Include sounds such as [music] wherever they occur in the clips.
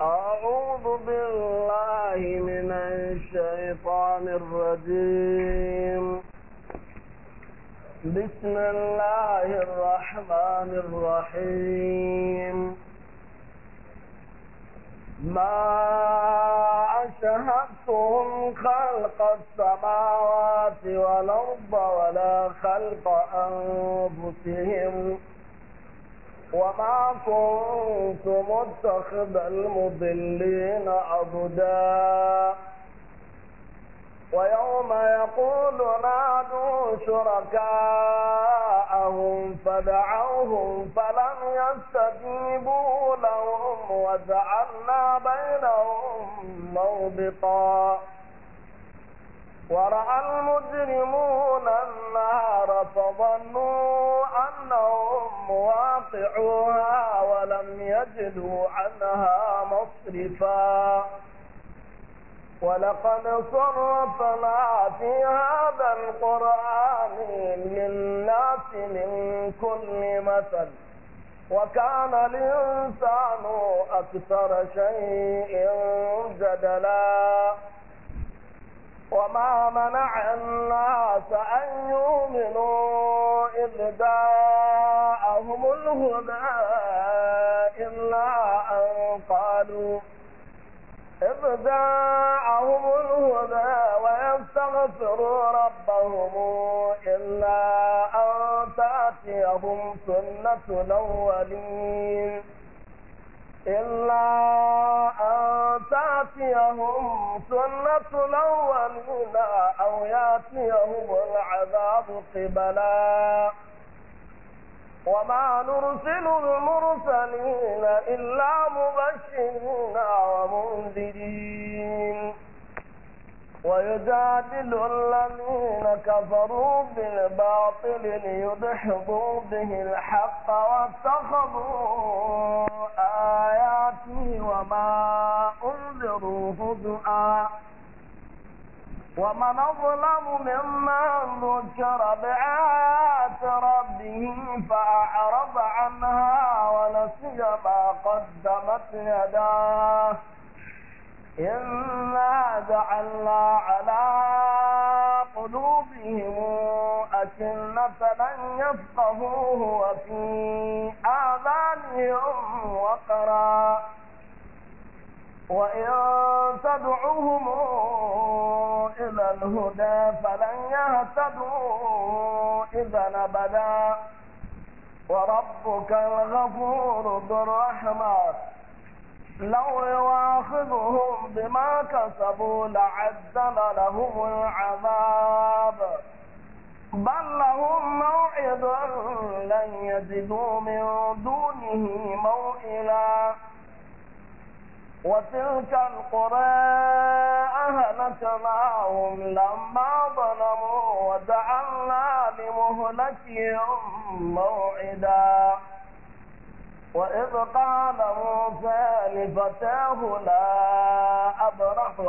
أعوذ بالله من الشيطان الرجيم بسم الله الرحمن الرحيم ما أشهدتهم خلق السماوات والأرض ولا خلق أنفسهم وما كنت متخذ المضلين عبدا ويوم يقول نادوا شركاءهم فدعوهم فلم يستجيبوا لهم وجعلنا بينهم موبقا ورأى المجرمون النار فظنوا أنهم واقعوها ولم يجدوا عنها مصرفا ولقد صرفنا في هذا القرآن للناس من كل مثل وكان الإنسان أكثر شيء جدلاً وما منع الناس أن يؤمنوا إذ جاءهم الهدى إلا أن قالوا إذ جاءهم الهدى ويستغفروا ربهم إلا أن تأتيهم سنة الأولين إلا أن تأتيهم سنة الأولين أو يأتيهم العذاب قبلا وما نرسل المرسلين إلا مبشرين ومنذرين ويجادل الذين كفروا بالباطل ليدحضوا به الحق واتخذوا آياتي وما أنذروا هدعا ومن أظلم ممن ذكر بآيات ربه فأعرض عنها ونسي ما قدمت يداه إنا جعلنا على قلوبهم أكنة لن يفقهوه وفي آذانهم وقرا وإن تدعوهم إلى الهدى فلن يهتدوا إذا أبدا وربك الغفور ذو الرحمة لو يواخذهم بما كسبوا لعدل لهم العذاب بل لهم موعد لن يجدوا من دونه موئلا وتلك القرى أهلكناهم لما ظلموا وجعلنا لمهلكهم موعدا wa hachaa tanọzlibotebụla ụ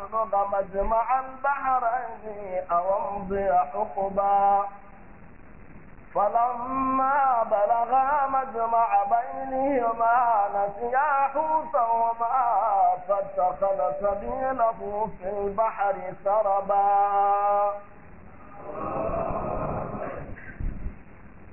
ataabụrụaaimbahara ii awabe ụkụba falama baaa majima abae n'ihe mna tiye ahụ ụzọ mabatatasọenọbụ e bahari saraba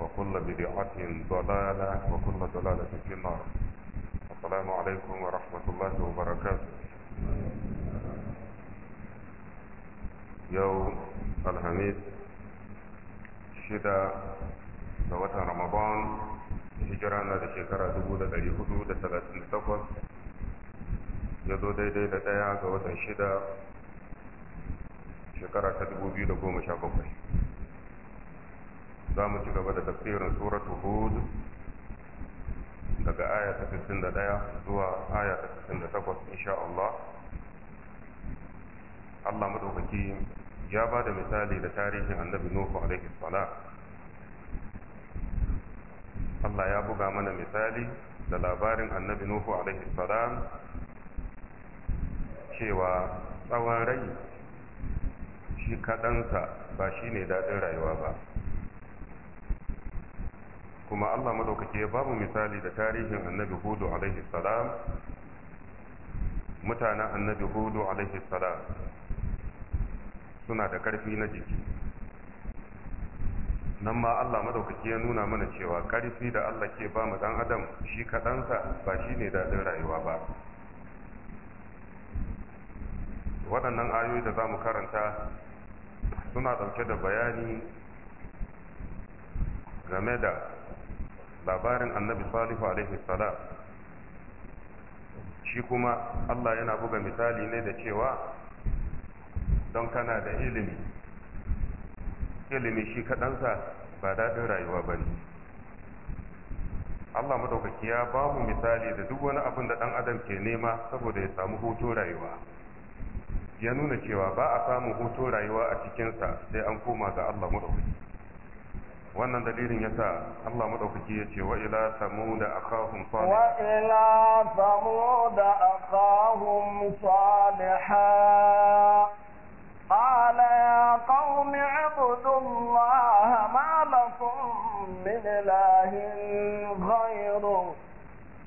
وكل بدعة ضلالة وكل ضلالة في النار السلام عليكم ورحمة الله وبركاته يوم الخميس شدة دوت رمضان هجرة نادي شكرا دبودة دي حدود ثلاثين تقوص يدو دي دي لتايا دوات شدة شكرا تدبو بيو دبو مشاكوكي za mu ci gaba da tafsirin suratu hud daga aya ta 61 zuwa aya ta 68 insha Allah Allah madaukaki ya ba da misali da tarihin annabi Nuhu alaihi salam Allah ya buga mana misali da labarin annabi Nuhu alaihi salam cewa tsawon rai shi kaɗansa ba shi ne daɗin rayuwa ba kuma Allah madaukake ya babu misali da tarihin annabi hudu alaihi salam mutanen annabi hudu alaihi salam suna da ƙarfi na jiki nan ma Allah madaukake ya nuna mana cewa karfi da Allah ke ba mu dan adam shi kaɗansa ba shi ne daɗin rayuwa ba waɗannan ayoyi da za mu karanta suna ɗauke da bayani game da labarin annabi salihu alaihi salam shi kuma Allah yana buga misali ne da cewa don kana da ilimi ilimi shi kaɗansa ba daɗin rayuwa ba ne Allah madaukaki ya ba mu misali da duk wani abin da ɗan adam ke nema saboda ya samu hoto rayuwa ya nuna cewa ba a samun hoto rayuwa a cikinsa sai an koma ga Allah madaukaki wannan dalilin yasa Allah madaukaki ya ce wa ila samuda akahum salih wa ila samuda akahum salihah قال يا قوم اعبدوا الله ما لكم من إله غيره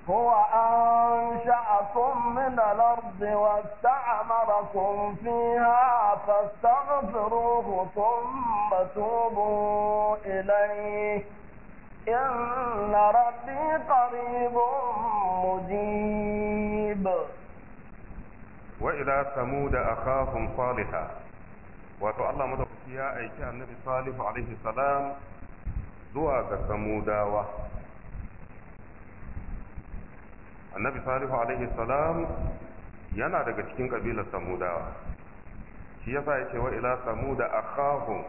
هو أنشأكم من الأرض واستعمركم فيها فاستغفروه ثم توبوا إليه إن ربي قريب مجيب وإلى ثمود أخاهم صالحا wato Allah madaukaki ya aiki annabi Salihu alaihi salam zuwa ga Samudawa annabi salihu alaihi salam yana daga cikin kabilar samudawa shi ya sa ya ce wa ila samuda akhahum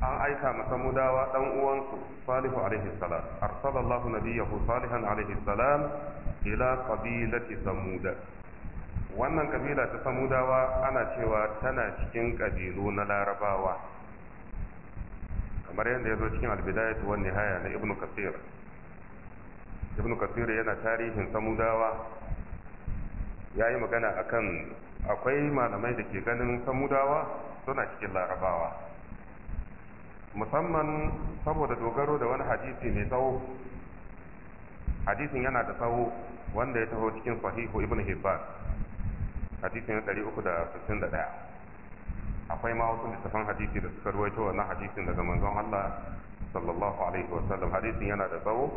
an aika ma samudawa dan uwansu salihu alaihi salam arsalallahu nabiyahu salihan alaihi salam ila qabilati samuda wannan ƙabila ta samudawa ana cewa tana cikin ƙabilu na larabawa kamar yadda ya zo cikin albidayat wani haya na ibnu kathir ibn kasir yana tarihin samudawa ya yi magana akan akwai malamai da ke ganin samudawa suna cikin larabawa musamman saboda dogaro da wani hadisi mai tsawo hadisin yana da tsawo wanda ya taho cikin sahihu ibn hibban hadisin 361 akwai ma wasu littafan hadisi da suka ruwaito wannan hadisin daga manzon Allah sallallahu alaihi wasallam hadisin yana da tsawo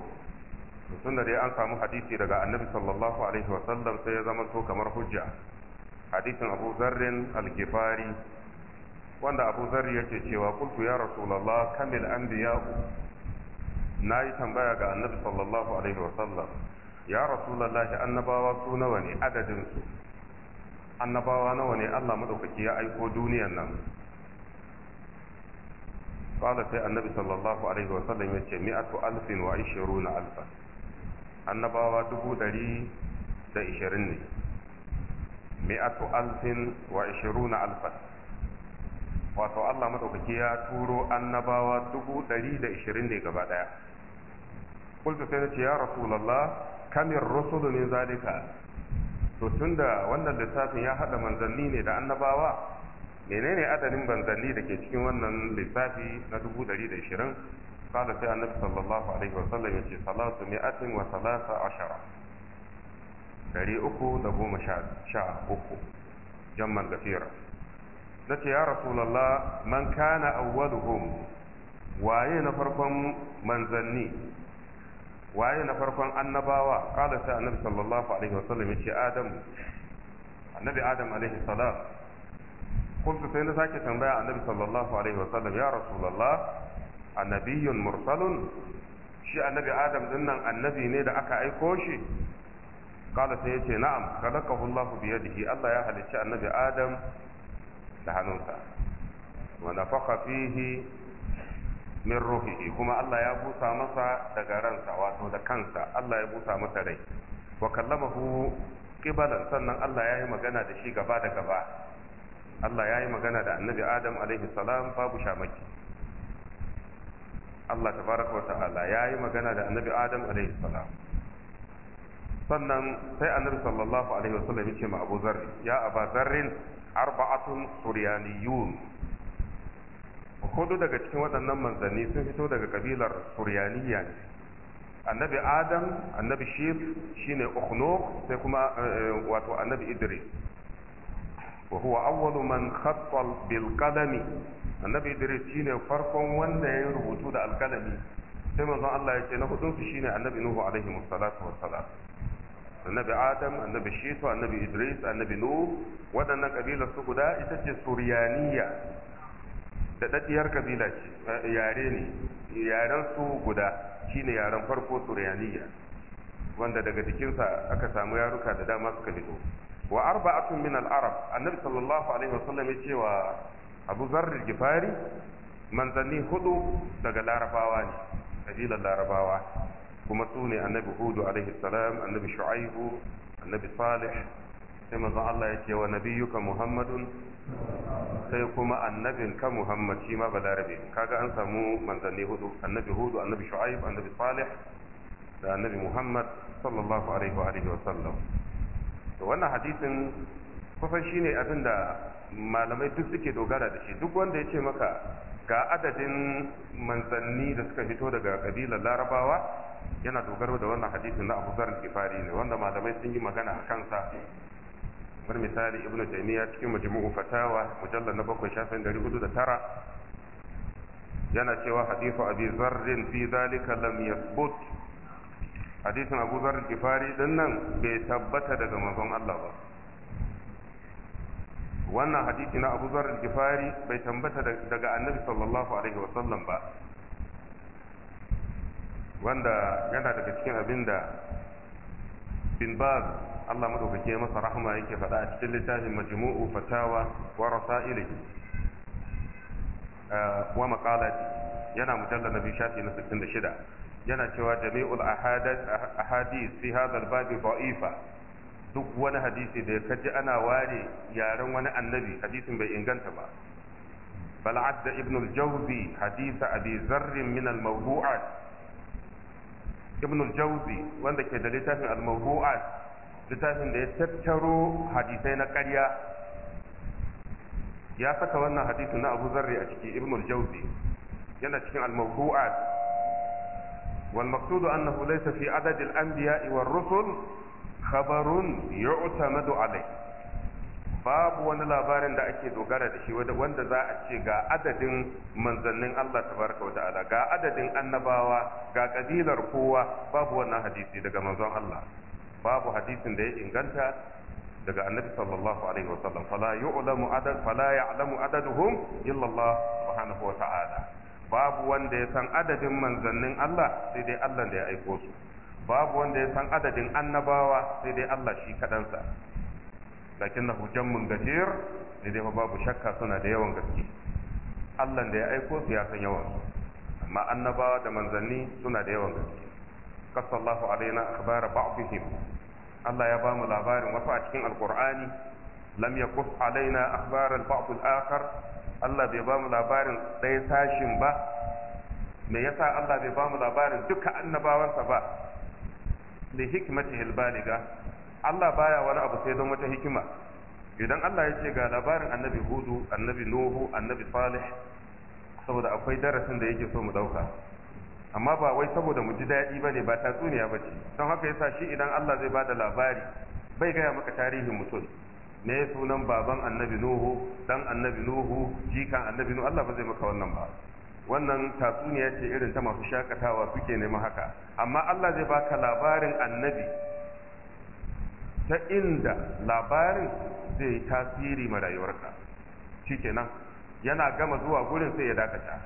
Mutum da dai an samu hadisi daga annabi sallallahu alaihi wasallam sai ya zama to kamar hujja hadisin abu zarrin al-gifari wanda abu zarri yake cewa kultu ya rasulallah kamil anbiya'u na yi tambaya ga annabi sallallahu alaihi wasallam ya rasulallahi annabawa su nawa ne adadinsu annabawa nawa ne allah madaukaki ya aiko duniyan nan قال في النبي صلى الله عليه وسلم يتي مئة ألف وعشرون ألفا annabawa dubu ɗari da ishirin ne mi'atu alfin wa na alfas? wato Allah maɗaukaki ya turo annabawa dubu ɗari da ishirin ne gaba ɗaya kulta sai na ce ya rasulallah kamin rusulu min zalika to da wannan lissafin ya haɗa manzanni ne da annabawa menene adadin manzanni da ke cikin wannan lissafi na dubu ɗari da ishirin kada sai annabi sallallahu alaihi wa sallam yace salatu mi'atin wa salasa ashara dari uku da goma sha uku jamman gafira nace ya rasulullah man kana awwaluhum waye na farkon manzanni waye na farkon annabawa kada sai annabi sallallahu alaihi wa sallam yace adam annabi sake tambaya annabi sallallahu alaihi wa sallam ya a mursalun shi annabi adam din nan annabi ne da aka aiko shi kala sai yace na'am khalaqahu Allahu bi yadihi Allah ya halicci annabi adam da hannunsa wa nafakha fihi min ruhihi kuma Allah ya busa masa daga ransa wato da kansa Allah ya busa masa rai wa kallamahu qibalan sannan Allah ya yi magana da shi gaba da gaba Allah ya yi magana da annabi Adam alaihi salam babu shamaki Allah tabaraka wa ta'ala yayi magana da annabi Adam alaihi salam sannan sai annabi sallallahu alaihi wasallam ya ce ma Abu Zarri ya Abu Zarrin arba'atun suryaniyun hudu daga cikin waɗannan manzanni sun fito daga kabilar suryaniya ne annabi adam annabi shif shine Okno sai kuma eh, wato annabi idris wa huwa awwalu man khatta bil qadami annabi idris shine farkon wanda ya rubutu da alkalami sai manzon Allah ya ce na hudun su shine annabi nuhu alaihi wassalatu wassalam annabi adam annabi shitu annabi idris annabi nuhu waɗannan kabilar su guda ita ce suriyaniya da daddiyar kabila ce eh, yare ne yaren su guda shine yaren farko suriyaniya wanda daga jikinsa aka samu yaruka da dama suka fito wa arba'atun min al-arab annabi sallallahu alaihi wasallam ya ce wa abu zarar gifari manzanni hudu daga larabawa ne kabilar larabawa kuma su ne annabi hudu alaihi salam annabi shu'aibu annabi salih sai manzon Allah ya ce wa nabiyyuka muhammadun sai kuma annabin ka muhammad shi ma balarabe kaga an samu manzanni hudu annabi hudu annabi Shu'aibu annabi salih da annabi muhammad sallallahu alaihi wa alihi wa sallam to wannan hadisin kusan shine abin da malamai duk suke dogara da shi duk wanda ya ce maka ga adadin manzanni da suka fito daga kabilar larabawa yana dogaro da wannan hadisin na abu zarar kifari ne wanda malamai sun yi magana a kansa bar misali ibnu Jami'a cikin majmu'u fatawa mujallar na bakwai shafin dari hudu da tara yana cewa hadisu abi zarrin fi zalika lam yasbut hadisin abu zarar kifari din nan bai tabbata daga mazan Allah ba wannan hadisi na Abu Zar al bai tambata daga Annabi sallallahu alaihi wasallam ba wanda yana daga cikin abinda bin Baz Allah madaukake masa rahama yake faɗa a cikin littafin Majmu'u Fatawa wa Rasailihi eh, wa maqalati yana mujallal nabi shafi na 66 yana cewa jami'ul ahadith fi hadha al-bab duk wani hadisi da ya kaji ana ware yaren wani annabi hadisin bai inganta ba bal adda ibn al-jawzi hadisa abi zarr min al-mawdu'at ibn al-jawzi wanda ke da littafin al-mawdu'at littafin da ya tattaro hadisai na ƙarya ya saka wannan hadisin na abu zarri a ciki ibn al-jawzi yana cikin al-mawdu'at والمقصود أنه ليس في عدد الأنبياء والرسل khabarun yu'tamadu alai babu wani labarin da ake dogara da shi wanda za a ce ga adadin manzannin Allah tabaraka wa ta'ala ga adadin annabawa ga kabilar kowa babu wannan hadisi daga manzon Allah babu hadisin da ya inganta daga annabi sallallahu alaihi wa sallam fala yu'lamu adad fala ya'lamu adaduhum illa Allah subhanahu wa ta'ala babu wanda ya san adadin manzannin Allah sai dai Allah da ya aiko su babu wanda ya san adadin annabawa sai dai Allah shi kadansa lakin na mun gajiyar da dai babu shakka suna da yawan gaske Allah da ya aiko su ya san yawan su amma annabawa da manzanni suna da yawan gaske kasallahu alaina akhbara ba'dihim Allah ya bamu labarin wasu a cikin alqur'ani lam yakus alaina akhbara al-ba'd al-akhar Allah bai bamu labarin ɗaya sashin ba me yasa Allah bai bamu labarin duka annabawansa ba li hikmatihi albaliga Allah baya wani abu sai don wata hikima idan Allah ya ce ga labarin annabi hudu annabi nuhu annabi salih saboda akwai darasin da yake so mu dauka amma ba wai saboda mu ji daɗi ba ne ba tatsuniya ba ce don haka yasa shi idan Allah zai bada labari bai gaya maka tarihin mutum ne sunan baban annabi nuhu dan annabi nuhu jikan annabi nuhu Allah ba zai maka wannan ba wannan tatsuniya ce irin ta masu shakatawa suke nema haka amma Allah zai baka labarin annabi ta inda labarin zai tasiri ma rayuwarka shikenan yana gama zuwa gurin sai ya dakata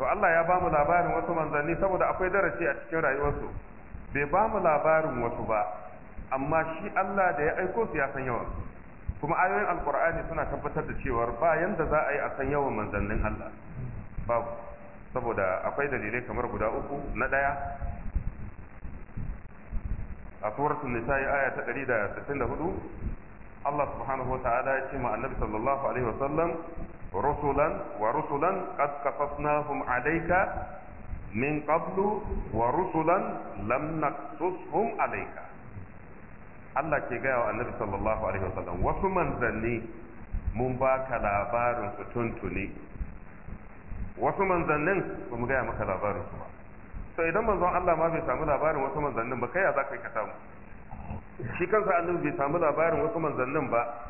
to Allah ya bamu labarin wasu manzanni saboda akwai darasi a cikin rayuwarsu bai bamu labarin wasu ba amma shi Allah da ya aiko su ya san yawansu kuma ayoyin alkur'ani suna tabbatar da cewa ba yanda za a yi a san yawan manzannin Allah babu saboda akwai dalilai kamar guda uku na ɗaya a suratul nisa'i aya ta 164 Allah subhanahu wa ta'ala ya ce ma annabi sallallahu alaihi wasallam rusulan wa rusulan qad qasasnahum alayka min qablu wa rusulan lam naqsushum alayka Allah ke gaya wa annabi sallallahu alaihi wasallam wasu manzanni mun ba ka labarin su tuntuni wasu manzannin ba mu gaya maka labarin su ba to idan manzon Allah ma bai samu labarin wasu manzannin ba kai ya za ka yi ka samu shi kansa annabi bai samu labarin wasu manzannin ba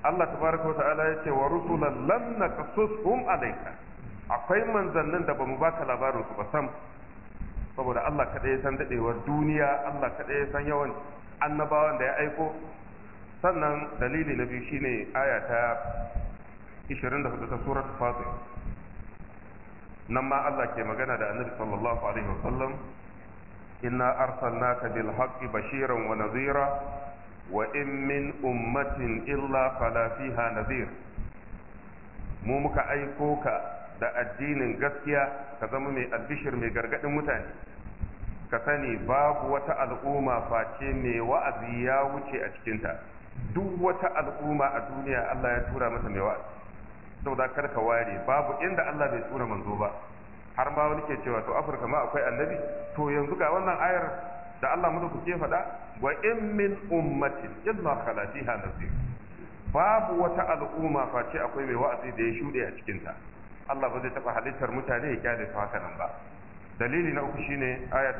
Allah tabaraka wa ta'ala ya ce wa rusulan lam naqsushum alayka akwai manzannin da bamu baka labarin su ba sam saboda Allah kadai ya san dadewar duniya Allah kadai ya san yawan annabawan da ya aiko sannan dalili na biyu shine aya ta 24 ta suratul fatir nan ma Allah ke magana da annabi sallallahu alaihi wasallam inna arsalnaka bil haqqi bashiran wa nadhira wa in min ummatin illa fala fiha nadhir mu muka aiko ka da addinin gaskiya ka zama mai albishir mai gargadin mutane ka sani babu wata al'umma face mai wa'azi ya wuce a cikinta duk wata al'umma a duniya Allah ya tura mata mai wa'azi saboda kar ka ware babu inda Allah bai tura manzo ba har ma wani ke cewa to Afirka ma akwai annabi to yanzu ga wannan ayar da Allah mu ke faɗa wa in min ummatin illa khala fiha nazir babu wata al'umma face akwai mai wa'azi da ya shuɗe a cikinta Allah ba zai taɓa halittar mutane ya kyale su haka nan ba dalili na uku shine aya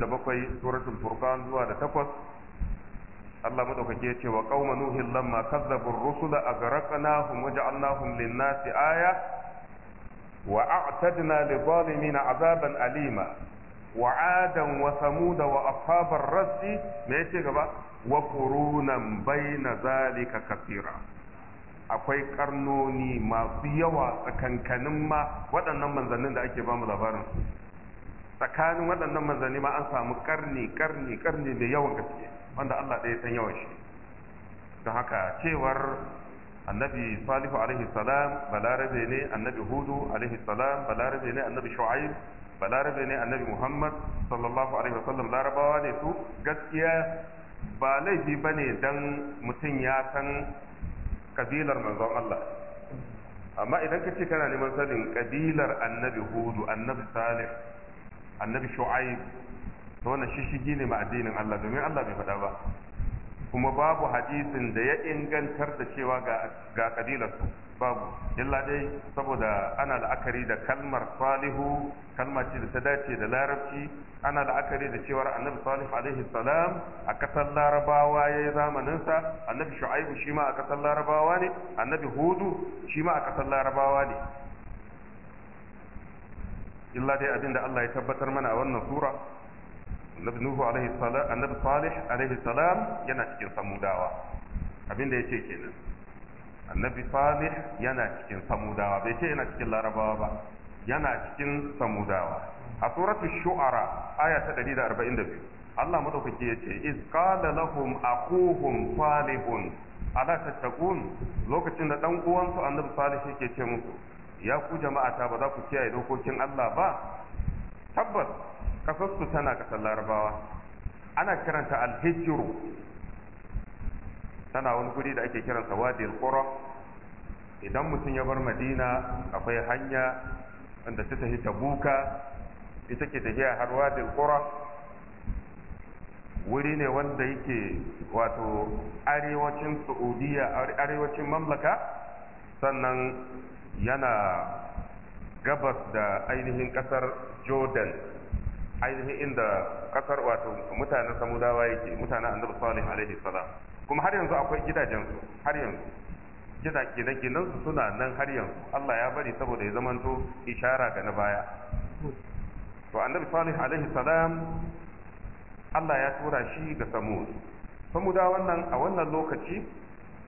ta bakwai, suratul furqan zuwa da takwas Allah madaukake ya ce wa qauma nuhin lamma kazzabu ar-rusula aghraqnahum waja'alnahum lin-nasi aya wa a'tadna lidh-dhalimin 'adaban alima wa 'adan wa thamud wa ashabar rassi me yace gaba wa qurunan bayna zalika kathira akwai karnoni masu yawa tsakankanin ma waɗannan manzannin da ake ba mu labarin su tsakanin waɗannan manzanni ma an samu karni karni karni mai yawan gaske wanda Allah ɗaya san yawan shi don haka cewar annabi salihu alaihi salam balarabe ne annabi hudu alaihi salam balarabe ne annabi shu'aib balarabe ne annabi muhammad sallallahu alaihi wasallam larabawa ne su gaskiya ba laifi ba ne don mutum ya san kabilar manzon Allah amma idan ka ce kana neman sanin kabilar annabi hudu annabi salih annabi shu'aib to wannan shishigi ne ma addinin Allah domin Allah bai faɗa ba kuma babu hadisin da ya ingantar da cewa ga kabilarsu babu illa dai saboda ana la'akari da kalmar salihu kalmar ce da ta dace da larabci ana la'akari da cewar annabi salihu alaihi salam a kasar larabawa ya yi zamaninsa annabi shu'aibu shi ma a kasar larabawa ne annabi hudu shi ma a kasar larabawa ne illa dai abinda Allah ya tabbatar mana a wannan sura annabi nuhu alaihi salam annabi salih alaihi salam yana cikin samudawa abinda yake kenan annabi salih yana cikin samudawa bai ce yana cikin larabawa ba yana cikin samudawa a suratul shu'ara aya ta 142 Allah madaukake ya ce iz qala lahum aquhum salihun ala tattaqun lokacin da dan uwansu annabi salih yake ce musu ya ku jama'a ta ba za ku kiyaye dokokin Allah ba tabbas kasarsu tana kasar larabawa ana kiranta alhijiru tana wani guri da ake kiransa wadi al idan mutum ya bar madina akwai hanya wanda ta tafi tabuka ita ke tafiya har wadi al wuri ne wanda yake wato arewacin saudiya arewacin mamlaka sannan yana gabas da ainihin kasar jordan ainihin inda kasar wato mutanen samudawa yake mutanen annabi salih alaihi salam kuma har yanzu akwai gidajensu har yanzu gida gine-ginensu suna nan har yanzu Allah ya bari saboda ya zamanto ishara ga na baya to annabi salih alaihi salam Allah ya tura shi ga samud samudawa wannan a wannan lokaci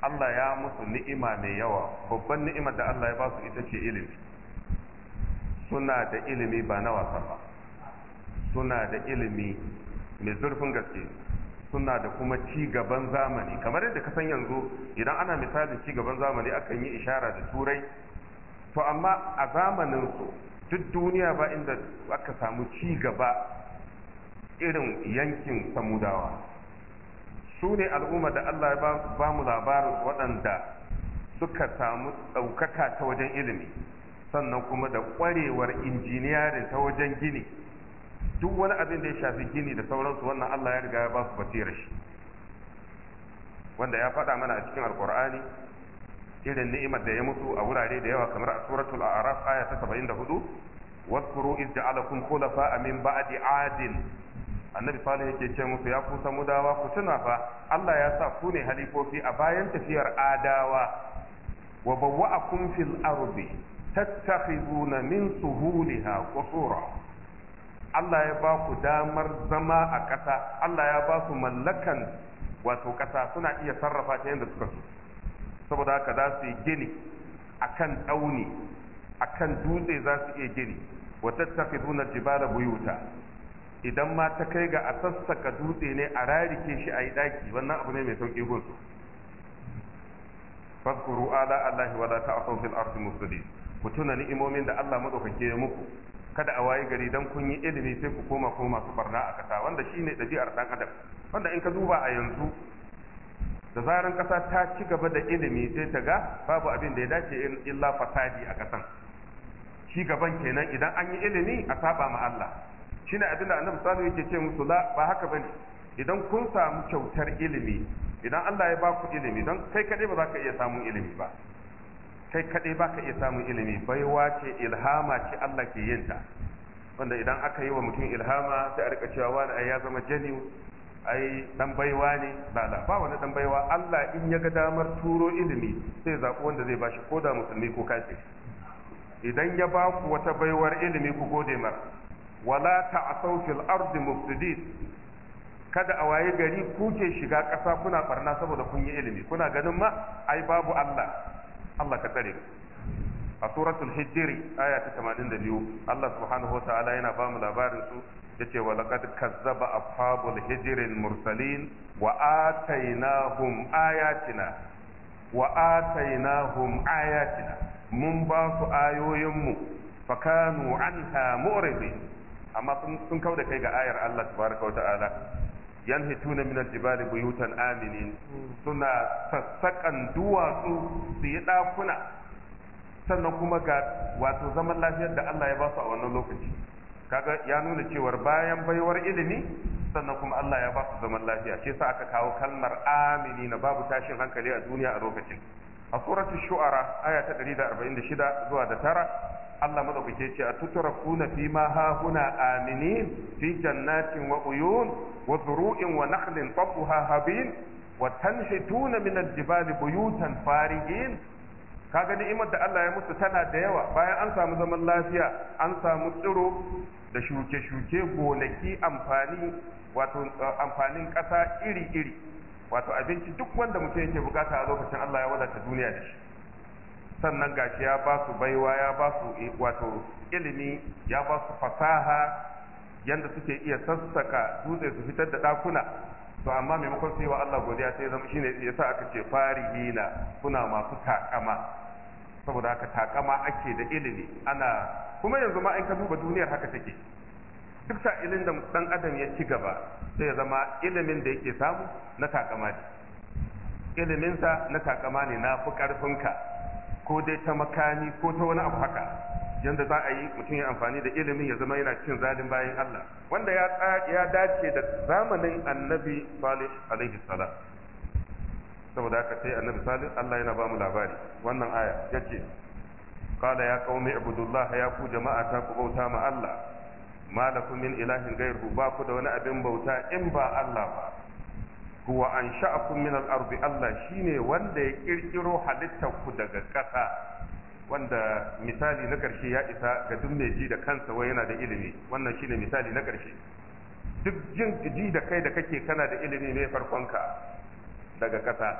Allah ya musu ni'ima mai yawa babban ni'ima da Allah ya basu ita ce ilimi suna da ilimi ba na wasa ba suna da ilimi mai zurfin gaske suna da kuma ci gaban zamani kamar yadda ka san yanzu idan ana misalin ci gaban zamani akan yi ishara da turai to amma a zamanin su duk duniya ba inda aka samu ci gaba irin yankin samudawa su ne al'umma da Allah ya ba mu labarin waɗanda suka samu ɗaukaka ta wajen ilimi sannan kuma da ƙwarewar injiniyarin ta wajen gini duk wani abin da ya shafi gini da sauransu wannan Allah ya riga ya ba su basirar shi wanda ya faɗa mana a cikin alkur'ani irin ni'imar da ya mutu a wurare da yawa kamar a suratul a'raf aya ta 74 واذكروا إذ جعلكم خلفاء min بعد adin. annabi salih yake ce musu ya kusa mudawa ku tuna fa Allah ya sa ku ne halifofi a bayan tafiyar adawa wa bawwa'akum fil ardi tattakhizuna min suhuliha qusura Allah ya ba ku damar zama a ƙasa Allah ya ba su mallakan wato ƙasa suna iya sarrafa ta yadda suka so saboda haka za su yi gini akan dauni akan dutse za su iya gini wa tattakhizuna jibala buyuta idan ma ta kai ga a sassaka dutse ne a rarike shi a yi ɗaki wannan abu ne mai sauƙi gunsu fadkuru ala allahi wala ta'asaw fil ardi mufsidin ku tuna ni'imomin da Allah maɗaukake ya muku kada a wayi gari don kun yi ilimi sai ku koma ko masu barna a kasa wanda shi ne ɗabi'ar ɗan adam wanda in ka duba a yanzu da zaran kasa ta ci gaba da ilimi sai ta ga babu abin da ya dace illa fasadi a kasan ci gaban kenan idan an yi ilimi a saba ma Allah shine abin da annabi sallallahu yake ce musu la ba haka bane idan kun samu kyautar ilimi idan Allah ya baku ilimi don kai kadai ba za ka iya samun ilimi ba kai kadai ba ka iya samun ilimi baiwa ce ilhama ce Allah ke yin ta wanda idan aka yi wa mutum ilhama sai a rika cewa wani ai ya zama janiyu ai dan baiwa ne ba la ba wani dan baiwa Allah in ya ga damar turo ilimi sai zaɓi wanda zai bashi ko da musulmi ko kafiri idan ya baku wata baiwar ilimi ku gode mara wala ta'asaw fil ardi mufsidin kada a waye gari kuke shiga ƙasa kuna barna saboda kun yi ilimi kuna ganin ma ai babu Allah Allah ka tsare a suratul hijri aya ta 82 Allah subhanahu wataala yana ba mu labarin su yace wa laqad kazzaba ashabul hijril mursalin wa atainahum ayatina wa atainahum ayatina mun ba su ayoyin mu fakanu anha mu'ridin amma sun kau da kai ga ayar Allah tabaraka wata'ala yanhituna min aljibali buyutan aminin suna sassakan duwatsu su yi dakuna sannan kuma ga wato zaman lafiyar da Allah ya ba su a wannan lokaci kaga ya nuna cewar bayan baiwar ilimi sannan kuma Allah ya ba su zaman lafiya shi yasa aka kawo kalmar amini na babu tashin hankali a duniya a lokacin a suratul shu'ara aya ta 146 zuwa da tara Allah madaukake ce a tutura kuna fi ma ha huna amini fi jannatin wa uyun wa zuru'in wa nakhlin tabuha habin wa tanhituna min al-jibali buyutan farigin kaga ni'imar da Allah ya musu tana da yawa bayan an samu zaman lafiya an samu tsiro da shuke-shuke gonaki amfani wato eh, amfanin ƙasa iri-iri wato abinci duk wanda mutum yake bukata a lokacin Allah ya wadata duniya da shi sannan gashi ya ba su baiwa ya ba su eh, wato ilimi ya ba su fasaha yadda suke iya sassaka dutse su fitar da ɗakuna to amma maimakon su yi wa Allah godiya sai zama shine sa aka ce farihina kuna masu takama saboda haka takama ake da ilimi ana kuma yanzu ma in ka duba duniyar haka take duk sa'ilin da dan adam ya ci gaba sai ya zama ilimin da yake samu na takama ne iliminsa na takama ne na fi ƙarfinka ko dai ta makani ko ta wani abu haka yanda za a yi mutum ya amfani da ilimin ya zama yana cin zalin bayan Allah wanda ya ya dace da zamanin annabi salih alaihi salam saboda haka sai annabi salih Allah yana ba mu labari wannan aya yace qala ya qaumi ibudullah ya ku jama'a ta ku bauta ma Allah malakum min ilahin ghairuhu ba ku da wani abin bauta in ba Allah ba huwa an sha'akum min al-ardi Allah shine wanda ya kirkiro halittar ku daga ƙasa wanda misali na ƙarshe ya isa ga duk mai ji da kansa wai yana da ilimi wannan shine misali na ƙarshe duk jin ji da kai da kake kana da ilimi ne farkonka daga ƙasa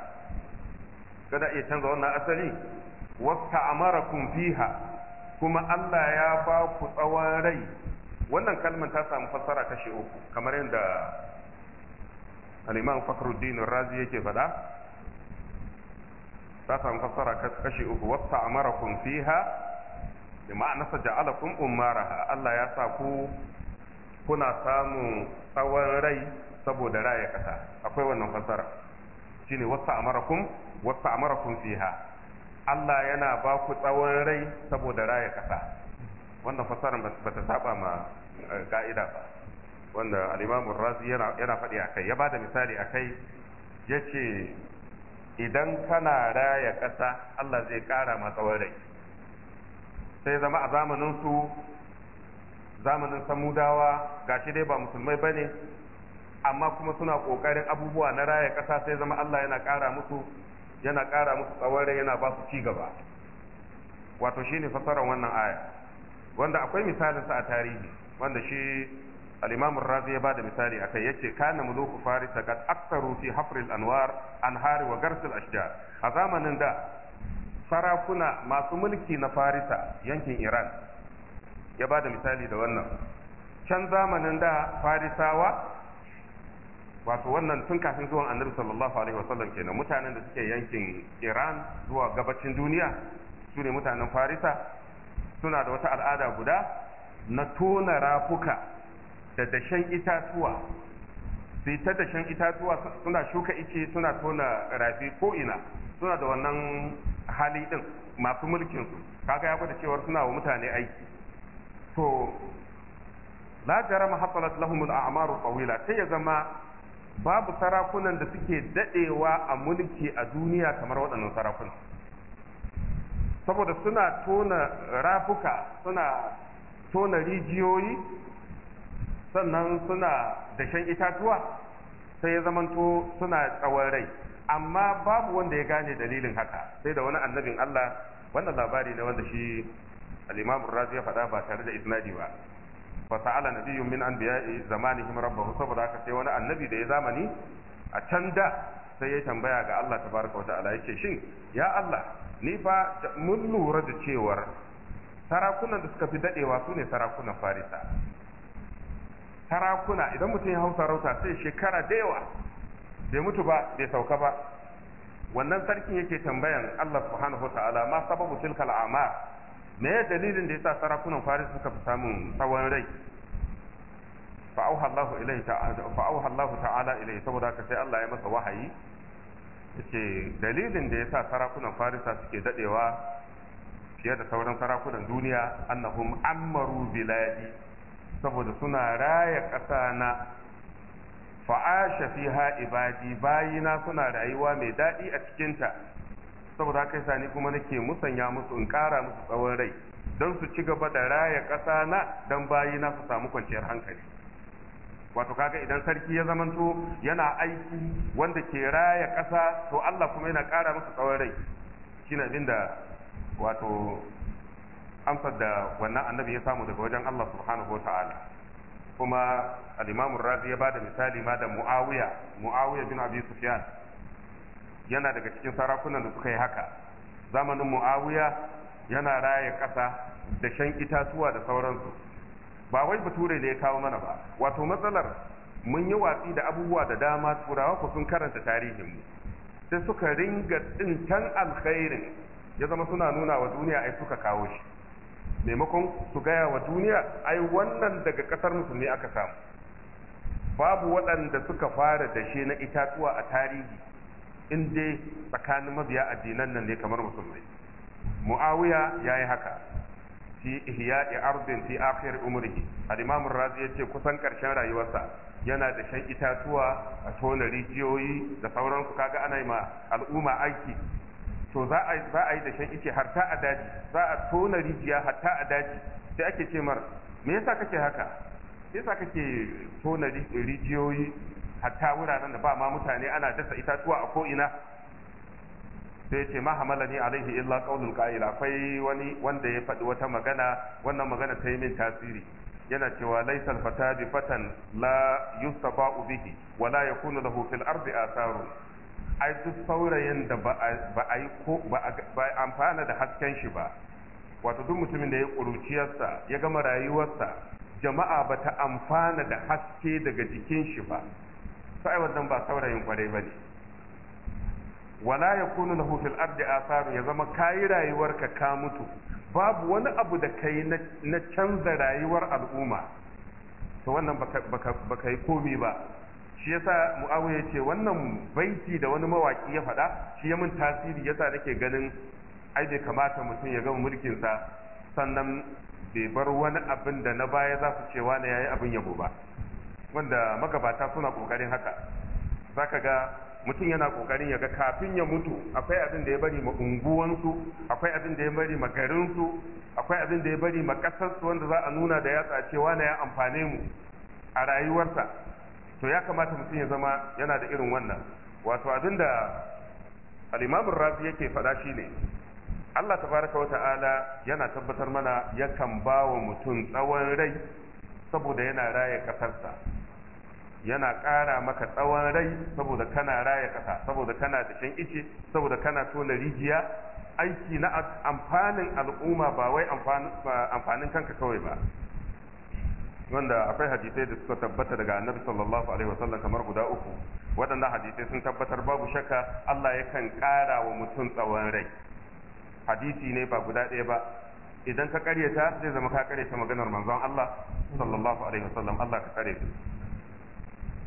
kada iya canza wannan asali wasta amarakum fiha kuma Allah ya ba ku tsawon rai wannan kalmar ta samu fassara kashe uku kamar yadda al-imam fakhruddin razi yake faɗa ta samu fassara kashi uku wasta amarakum fiha bi ma'anasa ja'alakum ummaraha Allah ya sa ku kuna samun tsawon rai saboda raya kasa akwai wannan fassara shine wasta amarakum wasta amarakum fiha Allah yana ba ku tsawon rai saboda raya kasa wannan fasaran ba ta saba ma eh, ka'ida ba wanda al-Imam razi yana faɗi faɗi akai ya bada misali a kai ya ce idan kana raya ƙasa Allah zai ƙara ma tsawon rai sai zama a zamanin su zamanin samudawa shi dai ba musulmai bane amma kuma suna ƙoƙarin abubuwa na raya ƙasa sai zama Allah yana ƙara musu yana ƙara musu tsawon rai yana ba su ci gaba wato shine fasarar wannan aya wanda akwai misalinsa a tarihi wanda shi al الرازي بعد razi ya bada misali akai yace kana muluku farisa kad aktsaru fi hafr al-anwar anhar wa gars al-ashjar a zamanin da sarakuna masu mulki na farisa yankin iran ya misali da wannan can zamanin da farisawa wato wannan tun kafin zuwan annabi sallallahu alaihi wasallam kenan mutanen da suke yankin iran zuwa gabacin duniya su ne mutanen farisa suna da wata al'ada guda na tona rafuka da dashen itatuwa sai ta dashen itatuwa suna shuka ice suna tona rafi ko ina suna da wannan hali din masu mulkin su kaga ya gwada cewar suna wa mutane aiki to la jarama hasalat lahum al-a'maru tawila sai ya zama babu sarakunan da suke dadewa a mulki a duniya kamar waɗannan sarakunan saboda suna tona rafuka suna tona rijiyoyi sannan suna dashen itatuwa sai ya zamanto suna tsawon rai amma babu wanda ya gane dalilin haka sai da wani annabin Allah wannan labari ne wanda shi al-Imam Razi ya faɗa ba tare da isnadi ba fa sa'ala nabiyyun min anbiya'i zamanihim rabbahu saboda haka sai wani annabi da ya zamani a can da sai ya tambaya ga Allah tabaraka wa ta'ala yace shin ya Allah ni fa mun lura da cewar sarakunan da suka fi dadewa sune sarakunan farisa sarakuna idan mutum ya hau sarauta sai shekara da yawa bai mutu ba bai sauka ba wannan sarkin yake tambayan Allah subhanahu ta'ala ma sababu tilkal a'mal me ya dalilin da yasa sarakunan Faris suka fi samun tsawon rai fa auha Allah ta'ala ilayhi saboda haka sai Allah ya masa wahayi yace dalilin da yasa sarakunan Farisa suke dadewa fiye da sauran sarakunan duniya annahum ammaru biladi saboda suna raya ƙasa na fa'asha fiha ibadi bayina suna rayuwa mai daɗi a cikinta saboda haka yasa ni kuma nake musanya musu in ƙara musu tsawon rai don su ci gaba da raya ƙasa na don bayina su samu kwanciyar hankali wato kaga idan sarki ya zamanto yana aiki wanda ke raya ƙasa to Allah kuma yana ƙara musu tsawon rai shine abin da wato amsar da wannan annabi ya samu daga wajen Allah subhanahu wa ta'ala kuma al-Imam Razi ya bada misali ma da Muawiya Muawiya bin Abi Sufyan yana daga cikin sarakunan da suka yi haka zamanin Muawiya yana raya ƙasa da shan itatuwa da sauransu ba wai bature ne ya kawo mana ba wato matsalar mun yi watsi da abubuwa da dama turawa ku sun karanta tarihinmu sai suka ringa tsintan alkhairin ya zama suna nuna wa duniya ai suka kawo shi maimakon su gaya wa duniya ai wannan daga kasar musulmi aka samu babu waɗanda suka fara da shi na itatuwa a tarihi in dai tsakanin mabiya addinan nan ne kamar Musulmi, muawiya ya yi haka fi ya ardin fi akhir umrihi al-imam razi ce kusan ƙarshen rayuwarsa yana da shan itatuwa a tona rijiyoyi da sauransu kaga ana yi ma al'umma aiki to za a yi da dashen ice ta a daji za a tona rijiya har ta a daji sai ake ce mar me yasa kake haka yasa kake tona rijiyoyi har ta wuraren da ba ma mutane ana dasa itatuwa a ko'ina sai ya ce ma hamala ne alaihi illa qaulul qa'il akwai wani wanda ya faɗi wata magana wannan magana ta yi min tasiri yana cewa laysa al fata fatan la yusaba bihi wala yakunu lahu fil ardi atharun ai duk saurayin da ba a yi amfana da hasken shi ba wato duk mutumin da ya ƙuruciyarsa ya gama rayuwarsa jama'a ba ta amfana da haske daga jikin shi ba sai wannan ba saurayin kwarai ba ne wala ya kunu lahu fil ardi asaru ya zama kayi rayuwarka ka mutu babu wani abu da kai na canza rayuwar al'umma to wannan baka yi komi ba shi yasa ya ce wannan baiti da wani mawaki ya faɗa shi ya mun tasiri yasa nake ganin ai bai kamata mutum ya gama mulkin sa sannan bai bar wani abin da na baya za su ce wani yayi abin yabo ba wanda magabata suna kokarin haka zaka ga mutum yana kokarin ya ga kafin ya mutu akwai abin da ya bari ma unguwansu akwai abin da ya bari ma garinsu akwai abin da ya bari ma kasarsu wanda za a nuna da yatsa cewa na ya amfane mu a rayuwarsa to ya kamata mutum ya zama yana da irin wannan wato abin da Alimamin rafi yake faɗa shi ne Allah tabaraka wa ta'ala yana tabbatar mana yakan ba wa mutum tsawon rai saboda yana raya kasarsa. yana ƙara maka tsawon rai saboda kana raya ƙasa saboda kana da shan ice saboda kana tona rijiya aiki na amfanin al'umma ba wai amfanin kanka kawai ba wanda akwai hadisai da suka tabbata daga annabi sallallahu alaihi sallam kamar guda uku waɗannan hadisai sun tabbatar babu shakka Allah yakan ƙara wa mutum tsawon rai hadisi ne ba guda ɗaya ba idan ka ƙaryata zai zama ka ƙaryata maganar manzon Allah sallallahu alaihi sallam Allah ka tsare su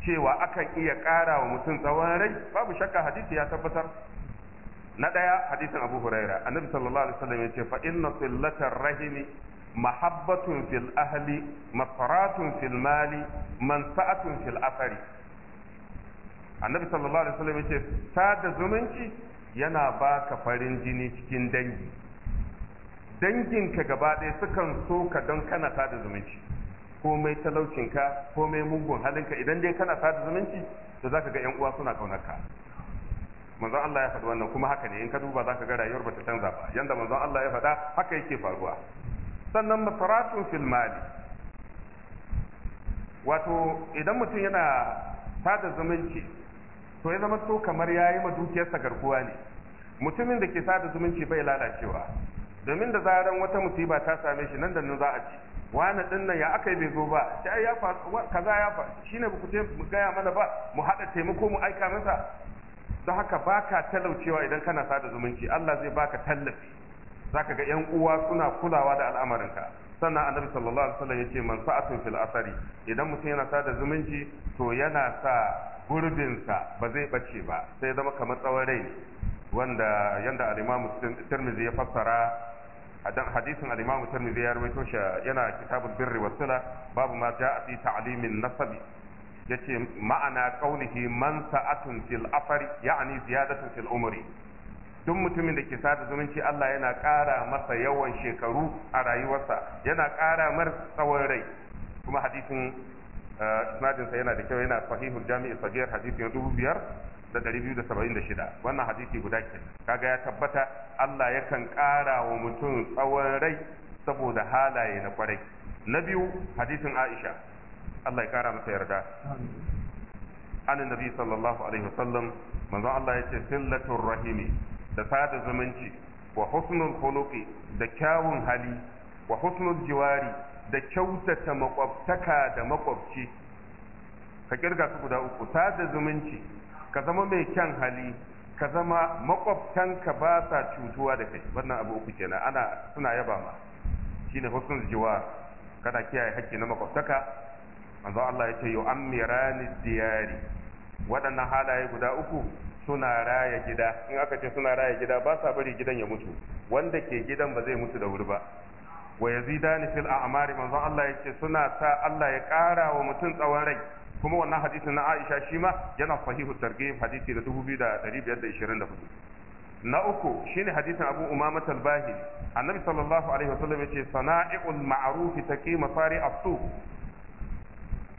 cewa akan iya ƙara wa mutum tsawon rai babu shakka hadisi ya tabbatar na ɗaya hadisin Abu Huraira annabi sallallahu alaihi sallam ya ce fa inna sillatar rahimi mahabbatun fil ahli mafaratun fil mali manfa'atun fil annabi sallallahu alaihi wasallam yace sada zumunci yana baka farin jini cikin dangi danginka gaba ɗaya sukan so ka don kana sada zumunci komai talaucinka komai mugun halinka idan dai kana sada zumunci to zaka ga ƴan uwa suna ka, manzon Allah ya faɗi wannan kuma haka ne in ka duba zaka ga rayuwar bata canza ba yanda manzon Allah ya faɗa haka yake faruwa sannan masaratun filmari, wato idan mutum yana sada zumunci to ya zama to kamar ya yi dukiyarsa garkuwa ne mutumin da ke sada zumunci bai lalacewa domin da zaren wata musiba ta same shi nan da nan za a ci wani din nan ya aka yi bai zo ba sai ya kaza ya fa shine ku ce mu gaya mana ba mu haɗa taimako mu aika masa don haka baka talaucewa idan kana sada zumunci Allah zai baka tallafi Za ka ga yan uwa suna kulawa da al'amarinka sannan annabi sallallahu alaihi wasallam yace man sa'atun fil asari idan mutum yana sa da zumunci to yana sa gurbin gurbinsa ba zai bace ba sai zama kamar tsawon rai wanda yanda al-Imam ya fassara dan hadisin al-Imam Tirmidhi ya rawaito shi yana kitabul birri was sala babu ma ja'a fi ta'limin nasabi yace ma'ana qaulihi man sa'atun fil asari ya'ni ziyadatu fil umri duk mutumin da ke sada zumunci Allah yana ƙara masa yawan shekaru a rayuwarsa yana ƙara mar tsawon rai kuma hadisin eh, isnadinsa yana da kyau yana sahihul jami'i sahihar hadisi dubu biyar da dari biyu da saba'in da shida wannan hadisi guda ke kaga ya tabbata Allah yakan ƙara wa mutum tsawon rai saboda halaye na kwarai na biyu hadisin Aisha Allah ya ƙara masa yarda an nabi sallallahu alaihi wasallam manzon Allah ya ce sillatul rahimi da sada zumunci wa husnul khuluqi da kyawun hali wa husnul jiwari da kyautata makwabtaka da makwabci ka kirga su guda uku sada zumunci ka zama mai kyan hali ka zama makwabtanka ba sa cutuwa da kai wannan abu uku kenan ana suna yaba ma shine husnul jiwar ki kiyaye hakki na makwabtaka manzo Allah ya ce yu'ammirani diyari waɗannan halaye guda uku suna raya gida in aka ce suna raya gida ba sa bari gidan ya mutu wanda ke gidan ba zai mutu da wuri ba wa yazidani fil a'mari manzon Allah yake suna sa Allah ya ƙara wa mutum tsawon rai kuma wannan hadisin na Aisha shi ma yana sahihu targhib hadisi da 2524 na uku shine hadisin Abu Umama bahi annabi sallallahu alaihi wasallam yace sana'iul ma'ruf ta masari as-suq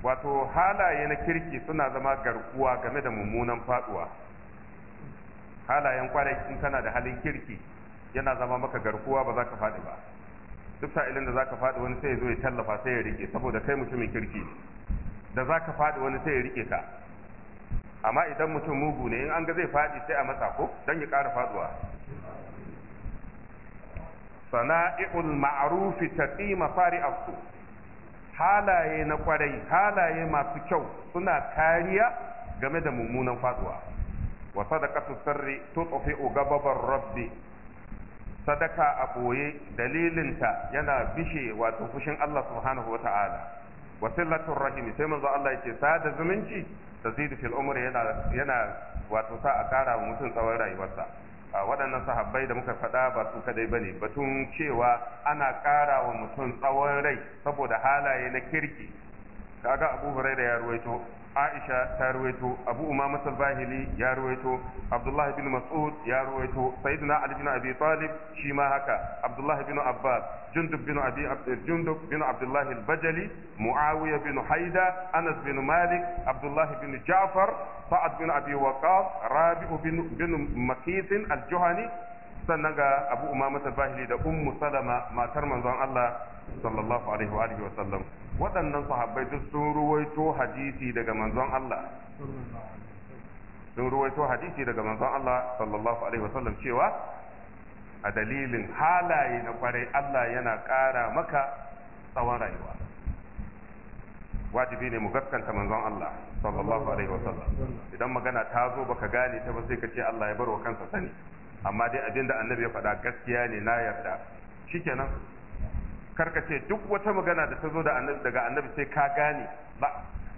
wato halaye na kirki suna zama garkuwa game da mummunan faduwa halayen kwarai in kana da halin kirki yana zama maka garkuwa ba za ka faɗi ba duk sa'ilin da za ka faɗi wani sai ya zo ya tallafa sai ya rike saboda kai mutumin kirki da za ka faɗi wani sai ya rike ka amma idan mutum mugu ne in an ga zai faɗi sai a matsa ko don ya ƙara faɗuwa sana'i'ul ma'arufi ta tsima fari afsu halaye na kwarai halaye masu kyau suna kariya game da mummunan faɗuwa wa sadaqatu sirri tutfi'u gababar rabbi sadaka a boye dalilinta yana bishe wato fushin Allah subhanahu wata'ala wasilatul rahim sai manzo Allah yake sada zumunci tazidu fil umr yana yana wato sa a kara wa mutum tsawon rayuwarsa a waɗannan sahabbai da muka faɗa ba su kadai bane batun cewa ana kara wa mutum tsawon rai saboda halaye na kirki kaga Abu Hurairah ya ruwaito Aisha ta ruwaito Abu Umama al ya ruwaito abdullahi bin Mas'ud ya ruwaito Sayyidina Ali bin Abi Talib shi ma haka abdullahi bin Abbas Jundub bin Abi Jundub bin bajali Muawiya bin Haida Anas bin Malik abdullahi bin Ja'far Sa'ad bin Abi Waqqas Rabi'u bin bin Makith al-Juhani sannan ga Abu Umama al da Ummu Salama matar manzon Allah sallallahu alaihi wa alihi wa sallam waɗannan sahabbai duk sun ruwaito hadisi daga manzon Allah sun ruwaito hadisi daga manzon Allah sallallahu alaihi wa sallam cewa a dalilin halaye na kwarai Allah yana ƙara maka tsawon rayuwa wajibi ne mu gaskanta manzon Allah sallallahu alaihi sallam idan magana ta zo baka gane ta ba sai ka ce Allah ya bar wa kansa sani amma dai abinda annabi ya faɗa gaskiya ne na yarda shikenan karka ce duk wata magana da ta zo daga annabi sai ka gane ba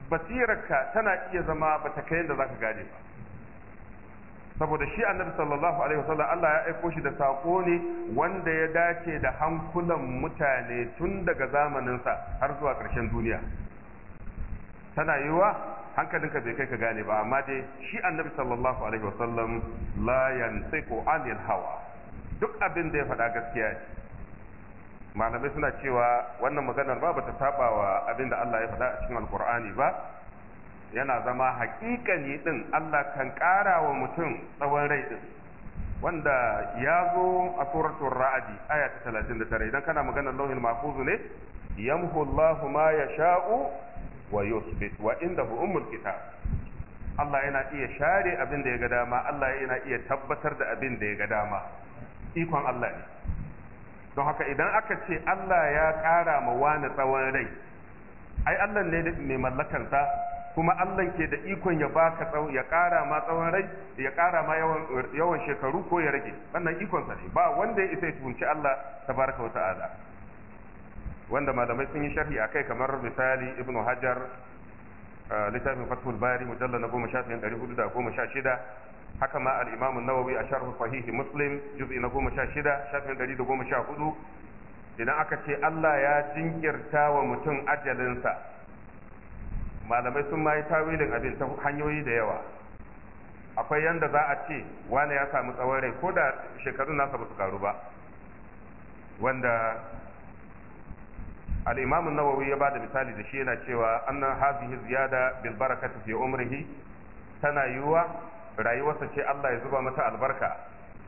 basirarka tana iya zama ba ta kai da za ka gane ba saboda shi annabi sallallahu alaihi wasallam Allah ya aiko shi da sako ne wanda ya dace da hankulan mutane tun daga zamaninsa har zuwa ƙarshen duniya tana yiwa hankalinka bai kai ka gane ba amma dai shi annabi sallallahu alaihi wasallam la yantiqu anil hawa duk abin da ya faɗa gaskiya ne malamai suna cewa wannan maganar ba ba ta saba wa abin da Allah ya faɗa a cikin alkur'ani ba yana zama haƙiƙani din Allah kan ƙara wa mutum tsawon rai din wanda ya zo a suratul ra'adi aya ta 39 idan kana maganar lauhin mafuzu ne yamhu Allahu ma yasha'u wa yusbit wa indahu ummul kitab Allah yana iya share abin da ya ga dama Allah yana iya tabbatar da abin da ya ga dama ikon Allah ne don haka idan aka ce Allah ya ƙara ma wani tsawon rai ai Allah ne mai mallakansa kuma Allah ke da ikon ya baka tsawon ya ƙara ma tsawon rai ya ƙara ma yawan shekaru ko ya rage wannan ikonsa ne ba wanda ya isa ya tuhunci Allah tabaraka wata'ala wanda malamai sun yi sharhi akai kamar misali Ibn Hajar littafin Fathul Bari mujalla na goma shafin ɗari hudu da goma sha shida haka ma al-Imam an-Nawawi a sharh sahih Muslim juz'i na 16 shafin 114 idan aka ce Allah ya jinkirta wa mutum ajalinsa malamai sun ma tawilin abin ta hanyoyi da yawa akwai yanda za a ce wani ya samu tsawon rai ko da shekarun nasa ba su karu ba wanda al-imam an-nawawi ya bada misali da shi yana cewa annan, hadhihi ziyada bil barakati fi umrihi tana yiwuwa. rayuwarsa ce Allah ya zuba mata albarka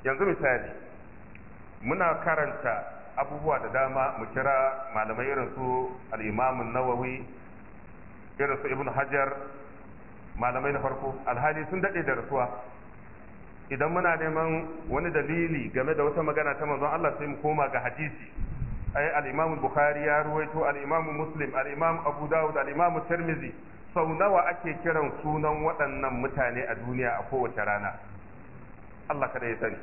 yanzu misali muna karanta abubuwa da dama mu kira malamai irin su al-Imam nawawi irin su Ibn Hajar malamai na farko alhali sun daɗe da rasuwa idan muna neman wani dalili game da wata magana ta manzon Allah sai mu koma ga hadisi ai al Bukhari ya ruwaito al-Imam Muslim al Abu Dawud al-Imam Tirmidhi sau nawa ake kiran sunan waɗannan mutane a duniya a kowace rana Allah kada ya sani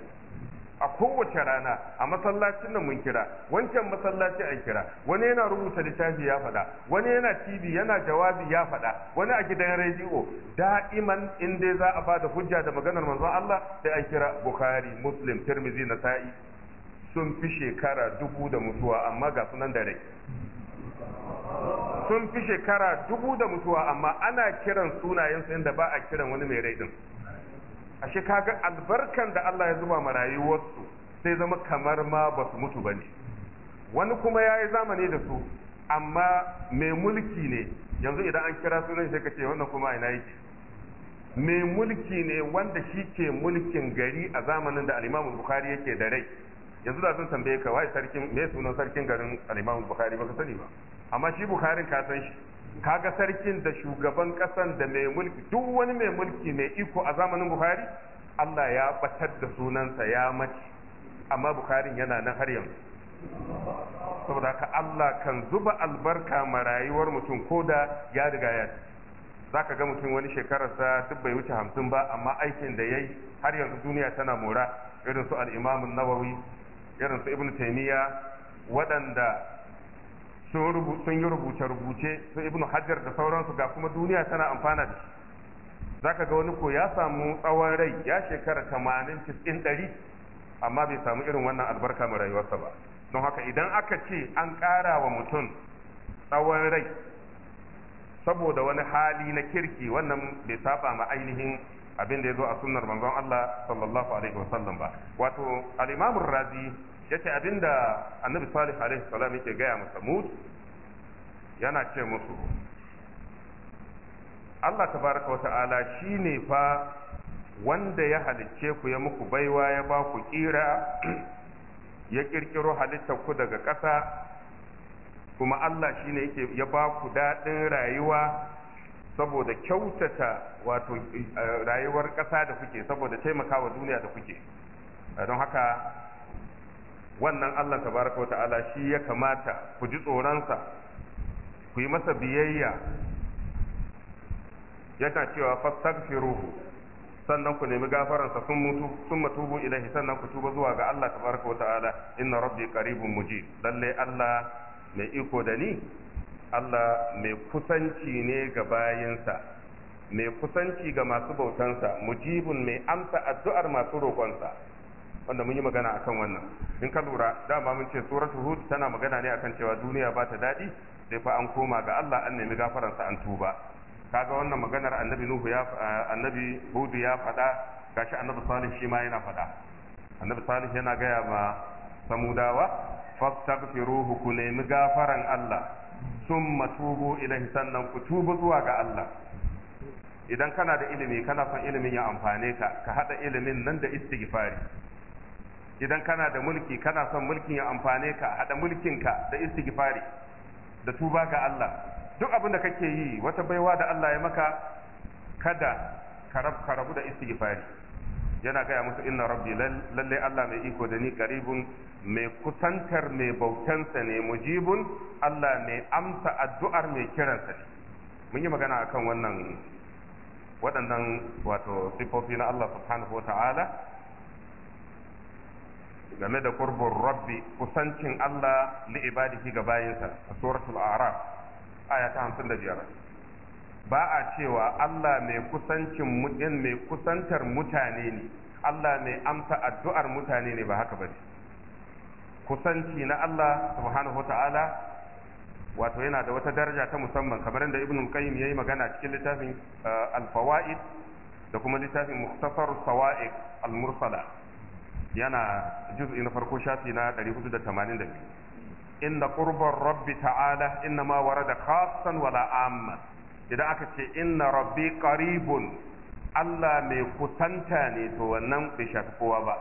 a kowace rana a masallacin nan mun kira wancan masallaci an kira wani yana rubuta littafi ya faɗa wani yana tv yana jawabi ya faɗa wani a gidan rediyo da'iman in dai za a bada hujja da maganar manzon Allah sai an kira bukhari muslim tirmidhi nasa'i sun fi shekara dubu da mutuwa amma ga sunan da rai sun fi shekara dubu da mutuwa amma ana kiran sunayensu inda ba a kiran wani mai rai din ashe kaga albarkan da Allah ya zuba ma rayuwarsu sai zama kamar ma ba su mutu ba ne. wani kuma ya yi zamani da su amma mai mulki ne yanzu idan an kira sunan sai ka ce wannan kuma ina yake mai mulki ne wanda shi ke mulkin gari a zamanin da alimamu bukari yake da rai yanzu da sun tambaye ka wai sarkin me sunan sarkin garin al-Imam Bukhari baka sani ba amma shi Bukharin ka san shi kaga sarkin da shugaban kasan da mai mulki duk wani mai mulki mai iko a zamanin Bukhari Allah ya batar da sunansa ya mace amma Bukharin yana nan har yanzu saboda haka Allah kan zuba albarka ma rayuwar mutum koda ya riga ya za ga mutum wani shekararsa duk bai wuce hamsin ba amma aikin da ya yi har yanzu duniya tana mora irin su al'imamun nawawi irin su ibnu taymiya waɗanda sun yi rubuce-rubuce su ibnu hajjar da sauransu ga kuma duniya tana amfana da shi za ka ga wani ko ya samu tsawon rai ya shekara tamanin cikin ɗari amma bai samu irin wannan albarka mai rayuwarsa ba don haka idan aka ce an ƙara wa mutum tsawon rai saboda wani hali na kirki wannan bai saba ma ainihin abin da ya zo a sunnar manzon Allah sallallahu alaihi wasallam ba wato al-imamur razi yace abinda annabi salih alaihi salam yake gaya masa mut yana ce musu Allah tabaraka shi ne fa wanda ya halicce ku ya muku baiwa ya ba ku kira [clears throat] ya kirkiro halittar ku daga ƙasa kuma Allah ne yake ya ba ku daɗin rayuwa saboda kyautata wato eh, rayuwar ƙasa da kuke saboda taimakawa duniya da kuke don haka wannan Allah tabaraka shi ya kamata ku ji tsoronsa ku yi masa biyayya yana cewa fastaghfiruhu sannan ku nemi gafararsa sun mutu sun matubu ilahi sannan ku tuba zuwa ga Allah tabaraka ta'ala inna rabbi qaribun mujib lalle Allah mai iko da ni Allah mai kusanci ne ga bayansa mai kusanci ga masu bautansa mujibun mai amsa addu'ar masu roƙonsa wanda mun yi magana akan wannan in ka lura dama mun ce suratu hud tana magana ne akan cewa duniya ba ta daɗi sai fa an koma ga Allah an nemi sa an tuba kaga wannan maganar annabi nuhu ya annabi hud ya faɗa gashi annabi salih shi ma yana faɗa annabi salih yana gaya ma samudawa fastaghfiruhu ku nemi gafaran Allah summa tubu ilaihi sannan ku tubu zuwa ga Allah idan kana da ilimi kana son ilimin ya amfane ka ka hada ilimin nan da istighfari idan kana da mulki kana son mulkin ya amfane ka haɗa ka da istighfari da tuba ga Allah duk abin da kake yi wata baiwa da Allah ya maka kada ka rabu da istighfari yana gaya musu inna rabbi lalle Allah mai iko da ni karibun mai kusantar mai bautansa ne mujibun Allah mai amsa addu'ar mai kiransa ne mun yi magana akan wannan waɗannan wato sifofi na Allah subhanahu wa ta'ala game da kurbur rabbi kusancin Allah li ibadihi ga bayinsa a suratul a'raf aya ta 55 ba a cewa Allah mai kusancin mutum eh, mai kusantar mutane ne Allah mai amsa addu'ar mutane ne ba haka bane kusanci na Allah subhanahu ta'ala wato yana da wata daraja ta musamman kamar yadda ibnu qayyim yayi magana cikin littafin eh, al-fawaid da kuma littafin safar sawa'iq al-mursala yana juz'in ina farko shafi na 482 inna qurbar rabbi ta'ala inna ma warada khassan wala amma idan aka ce inna rabbi qaribun Allah mai kusanta ne to wannan bai shafi kowa ba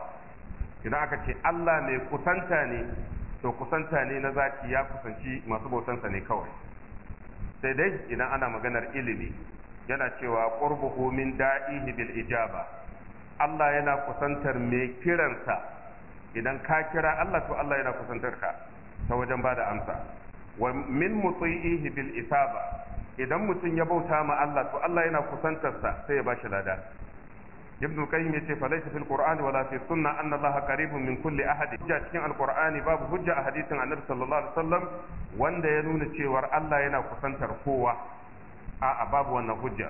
idan aka ce Allah mai kusanta ne to kusanta ne na zaki ya kusanci masu bautansa ne kawai sai dai idan ana maganar ilimi yana cewa qurbuhu min da'ihi bil ijaba Allah yana kusantar mai kiransa idan ka kira Allah to Allah yana kusantar ka ta wajen bada amsa wa min muti'ihi bil isaba idan mutum ya bauta ma Allah to Allah yana kusantarsa sai ya bashi lada ibn qayyim yace fa laysa fil qur'ani wala fi sunna anna Allah qaribun min kulli ahad hujja cikin alqur'ani babu hujja a hadisin annabi sallallahu alaihi wasallam wanda ya nuna cewa Allah yana kusantar kowa a'a babu wannan hujja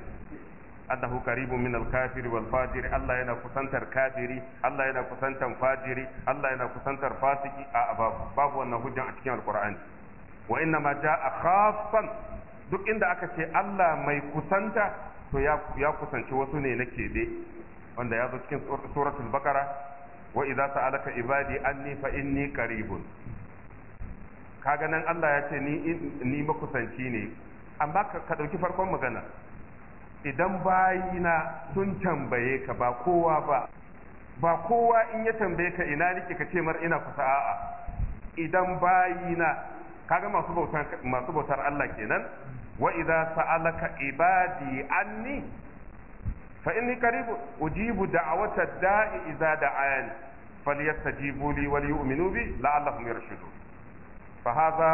annahu qaribun min al-kafir wal fajir Allah yana kusantar kafiri Allah yana kusantar fajiri Allah yana kusantar fasiki a babu babu wannan hujja a cikin alqur'ani wa inna ma jaa khaffan duk inda aka ce Allah mai kusanta to ya kusanci wasu ne na keɓe wanda ya zo cikin suratul baqara wa idza sa'alaka ibadi anni fa inni qaribun kaga nan Allah ya ce ni ni makusanci ne amma ka ɗauki farkon magana idan bayina sun tambaye ka ba kowa ba ba kowa in ya tambaye ka ina nike ka ce mar ina kusa a'a idan bayina kaga masu bautar masu bautar Allah kenan wa idza sa'alaka ibadi anni fa inni qarib ujibu da'wata da'i idza da'an falyastajibu li wa liyu'minu bi la'allahum yarshudun fa hadha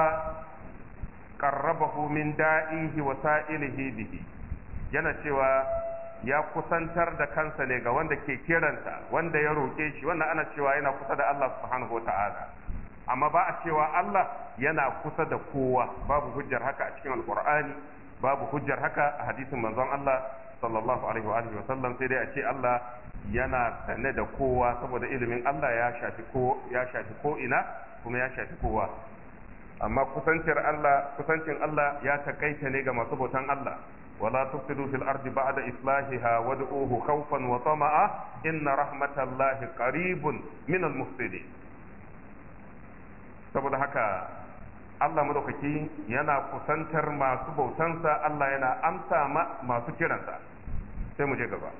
qarrabahu min da'ihi wa sa'ilihi bihi yana cewa ya kusantar da kansa ne ga wanda ke kiranta, wanda ya roƙe shi wannan ana cewa yana kusa da Allah subhanahu ta'ala amma ba a cewa Allah yana kusa da kowa babu hujjar haka a cikin alkur'ani babu hujjar haka a hadisin manzon Allah sallallahu alaihi wa alihi sallam sai dai a ce Allah yana sane da kowa saboda ilimin Allah ya shafi ko ya shafi ko ina kuma ya shafi kowa amma kusancin Allah kusancin Allah ya takaita ne ga masu bautan Allah ولا تفسدوا في الأرض بعد إصلاحها وادعوه خوفا وطمعا إن رحمة الله قريب من المفسدين saboda haka Allah madaukaki yana kusantar masu bautansa Allah yana amsa ma masu kiransa sai mu je gaba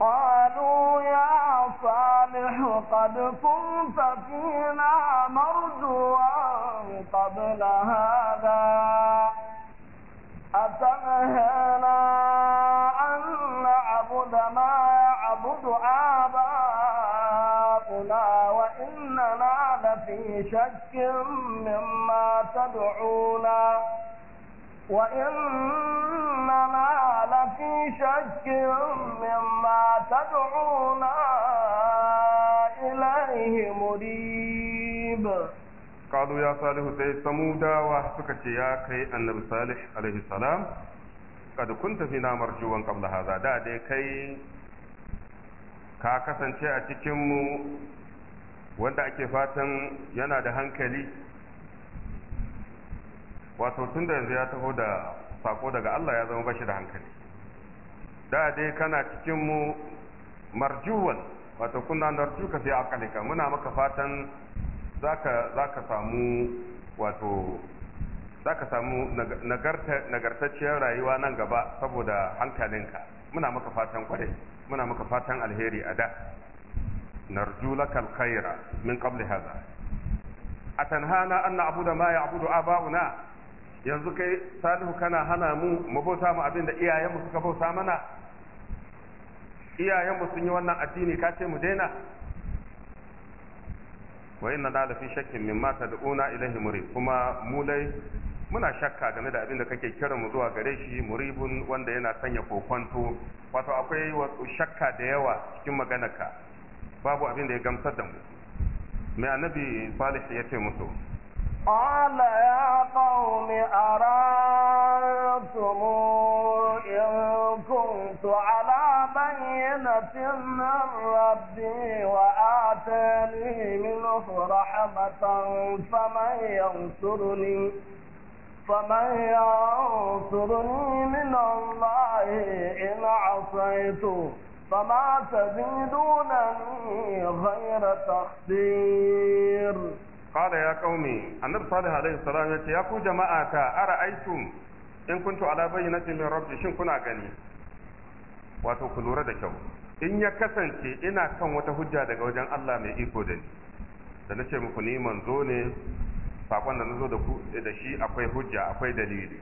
قالوا يا صالح قد كنت فينا مرجوا قبل هذا أتنهانا أن نعبد ما يعبد آباؤنا وإننا لفي شك مما تدعونا وإننا لفي شك مما تدعونا إليه مريب قالوا ya salihu sai سمودا suka ce ya kai annabi salih alaihi salam kad kunta fina marjuwan qabla hadha da dai kai ka kasance a اكفاتا mu wanda ake fatan yana da hankali wato tun da yanzu ya taho da sako daga Allah ya zama bashi da hankali da dai kana cikin mu marjuwan wato narjuka muna maka fatan za ka samu wato zaka samu nagartacciyar rayuwa nan gaba saboda hankalinka muna maka fatan kwarai muna maka fatan alheri a da narju lakal khaira min qabli hadha atanhana an na'budu ma ya'budu aba'una yanzu kai salihu kana hana mu mu bauta mu abin da iyayenmu suka bauta mana iyayenmu sun yi wannan addini ka ce mu daina wa inna da fi shakkin da una ilahi murib kuma mulai muna shakka game da abin da kake kira mu zuwa gare shi muribun wanda yana sanya kokonto wato akwai shakka da yawa cikin maganarka babu abin da ya gamsar da mu mai annabi salih ya ce musu قال يا قوم أرأيتم إن كنت على بينة من ربي وآتاني منه رحمة فمن ينصرني فمن ينصرني من الله إن عصيته فما تزيدونني غير تخسير qala ya kaume annabi salih alaihi salam ya ce ya ku jama'a ta aitu in kuntu ala bayyinatin min rabbi shin kuna gani wato ku lura da kyau in ya kasance ina kan wata hujja daga wajen Allah mai iko da ni da nace muku ni manzo ne sakon da nazo da ku da shi akwai hujja akwai dalili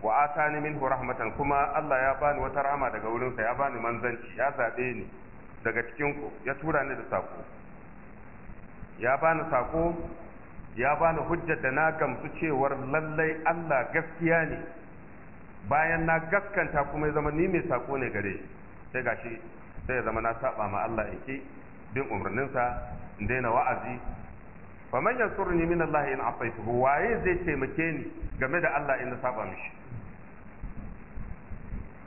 wa atani minhu rahmatan kuma Allah ya bani wata rahama daga wurinsa ya bani manzanci ya zabe ni daga cikin ku ya tura ni da sako ya bani sako ya bani hujjar da na gamsu cewar lallai Allah gaskiya ne bayan na gaskanta kuma ya zama ni mai sako ne gare shi sai gashi sai ya zama na saba ma Allah yake bin umarninsa in daina wa'azi fa man yansurni min Allah in afaituhu waye zai taimake ni game da Allah in na saba mishi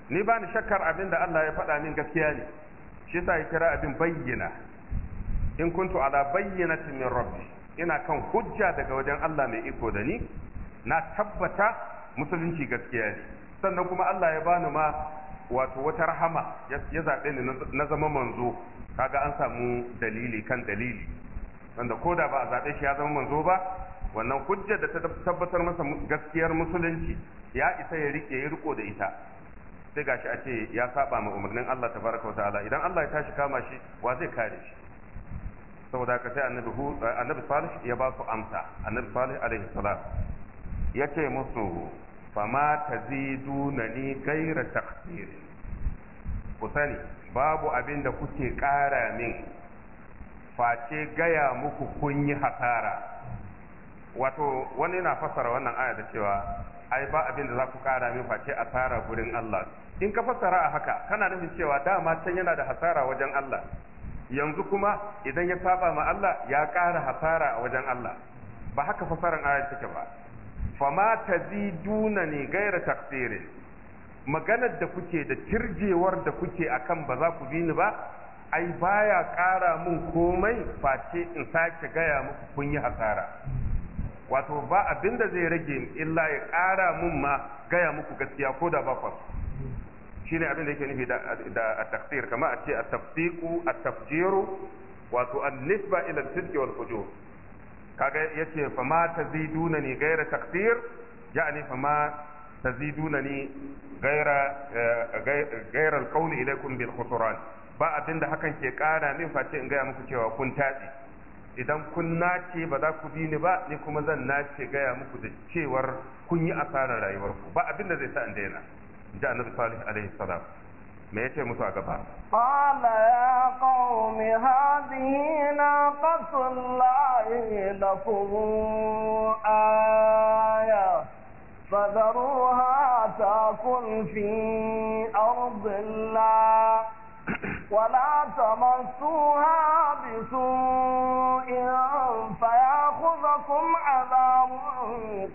ni bani shakkar abin da Allah ya faɗa min gaskiya ne shi sa ya kira abin bayyana in kuntu ala bayyanatin min rabbi ina kan hujja daga wajen Allah mai iko da ni na tabbata musulunci gaskiya ne sannan kuma Allah ya bani ma wato wata rahama ya zaɓe ni na zama manzo kaga an samu dalili kan dalili wanda ko da ba a zaɓe shi ya zama manzo ba wannan hujja da ta tabbatar masa gaskiyar musulunci ya isa ya rike ya riko da ita sai gashi a ce ya saba ma umarnin Allah tabaraka wa ta'ala idan Allah ya tashi kama shi wa zai kare shi saboda ka sai annabi hu eh, annabi salih ya ba su amsa annabi salih alaihi salam yace musu ma na ni gaira taqsir ku sani babu abin da kuke ƙara min face gaya muku kun yi hasara wato wani na fassara wannan aya da cewa ai ba abin da za ku ƙara min face asara gurin Allah in ka fassara a haka kana nufin cewa dama can yana da hasara wajen Allah yanzu kuma idan ya saba ma Allah ya ƙara hasara a wajen Allah ba haka fasaran ayar take ba fama taziduna ne gaira taqsirin maganar da kuke da kirjewar da kuke akan ba za ku bi ba ai baya ƙara mun komai face in sake gaya muku kun yi hasara wato ba abinda zai rage illa ya ƙara mun ma gaya muku gaskiya ko da ba shine abin da yake nufi da at-taqdir kama a ce at-tafsiqu at-tafjiru wato an-nisba ila al wal fujur kaga yace fa ma taziduna ni ghayra taqdir yani fa ma taziduna ni eh, ghayra ghayra al-qawli ilaykum bil khusran ba abin da hakan ke kara min face in gaya muku cewa kun taɗi idan kun nace ba za ku bi ni ba ni kuma zan nace gaya muku da cewar kun yi asarar rayuwarku ba abin da zai sa in daina ji annabi salih alaihi salam me yace musu a gaba qala ya qaumi hadhihi naqatullahi lakum aya فذروها تأكل في أرض الله ولا تمسوها بسوء فيأخذكم عذاب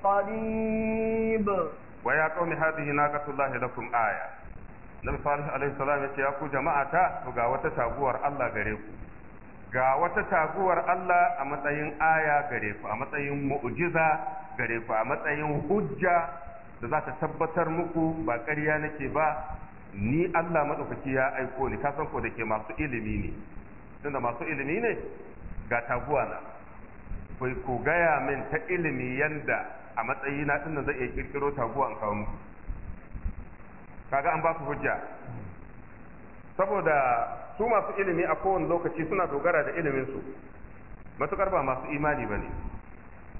قريب wa ya qaumi hadhihi naqatullahi lakum aya nabi salih alaihi salam ce ya ku ta to ga wata taguwar Allah gare ku ga wata taguwar Allah a matsayin aya gare ku a matsayin mu'jiza gare ku a matsayin hujja da za ta tabbatar muku ba ƙarya nake ba ni Allah maɗaukaki ya aiko ni ka san ko da ke masu ilimi ne tunda masu ilimi ne ga taguwa na ku gaya min ta ilimi yanda a matsayi na dinnan zai iya kirkiro taguwa a kawo musu. kaga an ba su hujja saboda su masu ilimi a kowane lokaci suna dogara da iliminsu matukar ba masu imani ba ne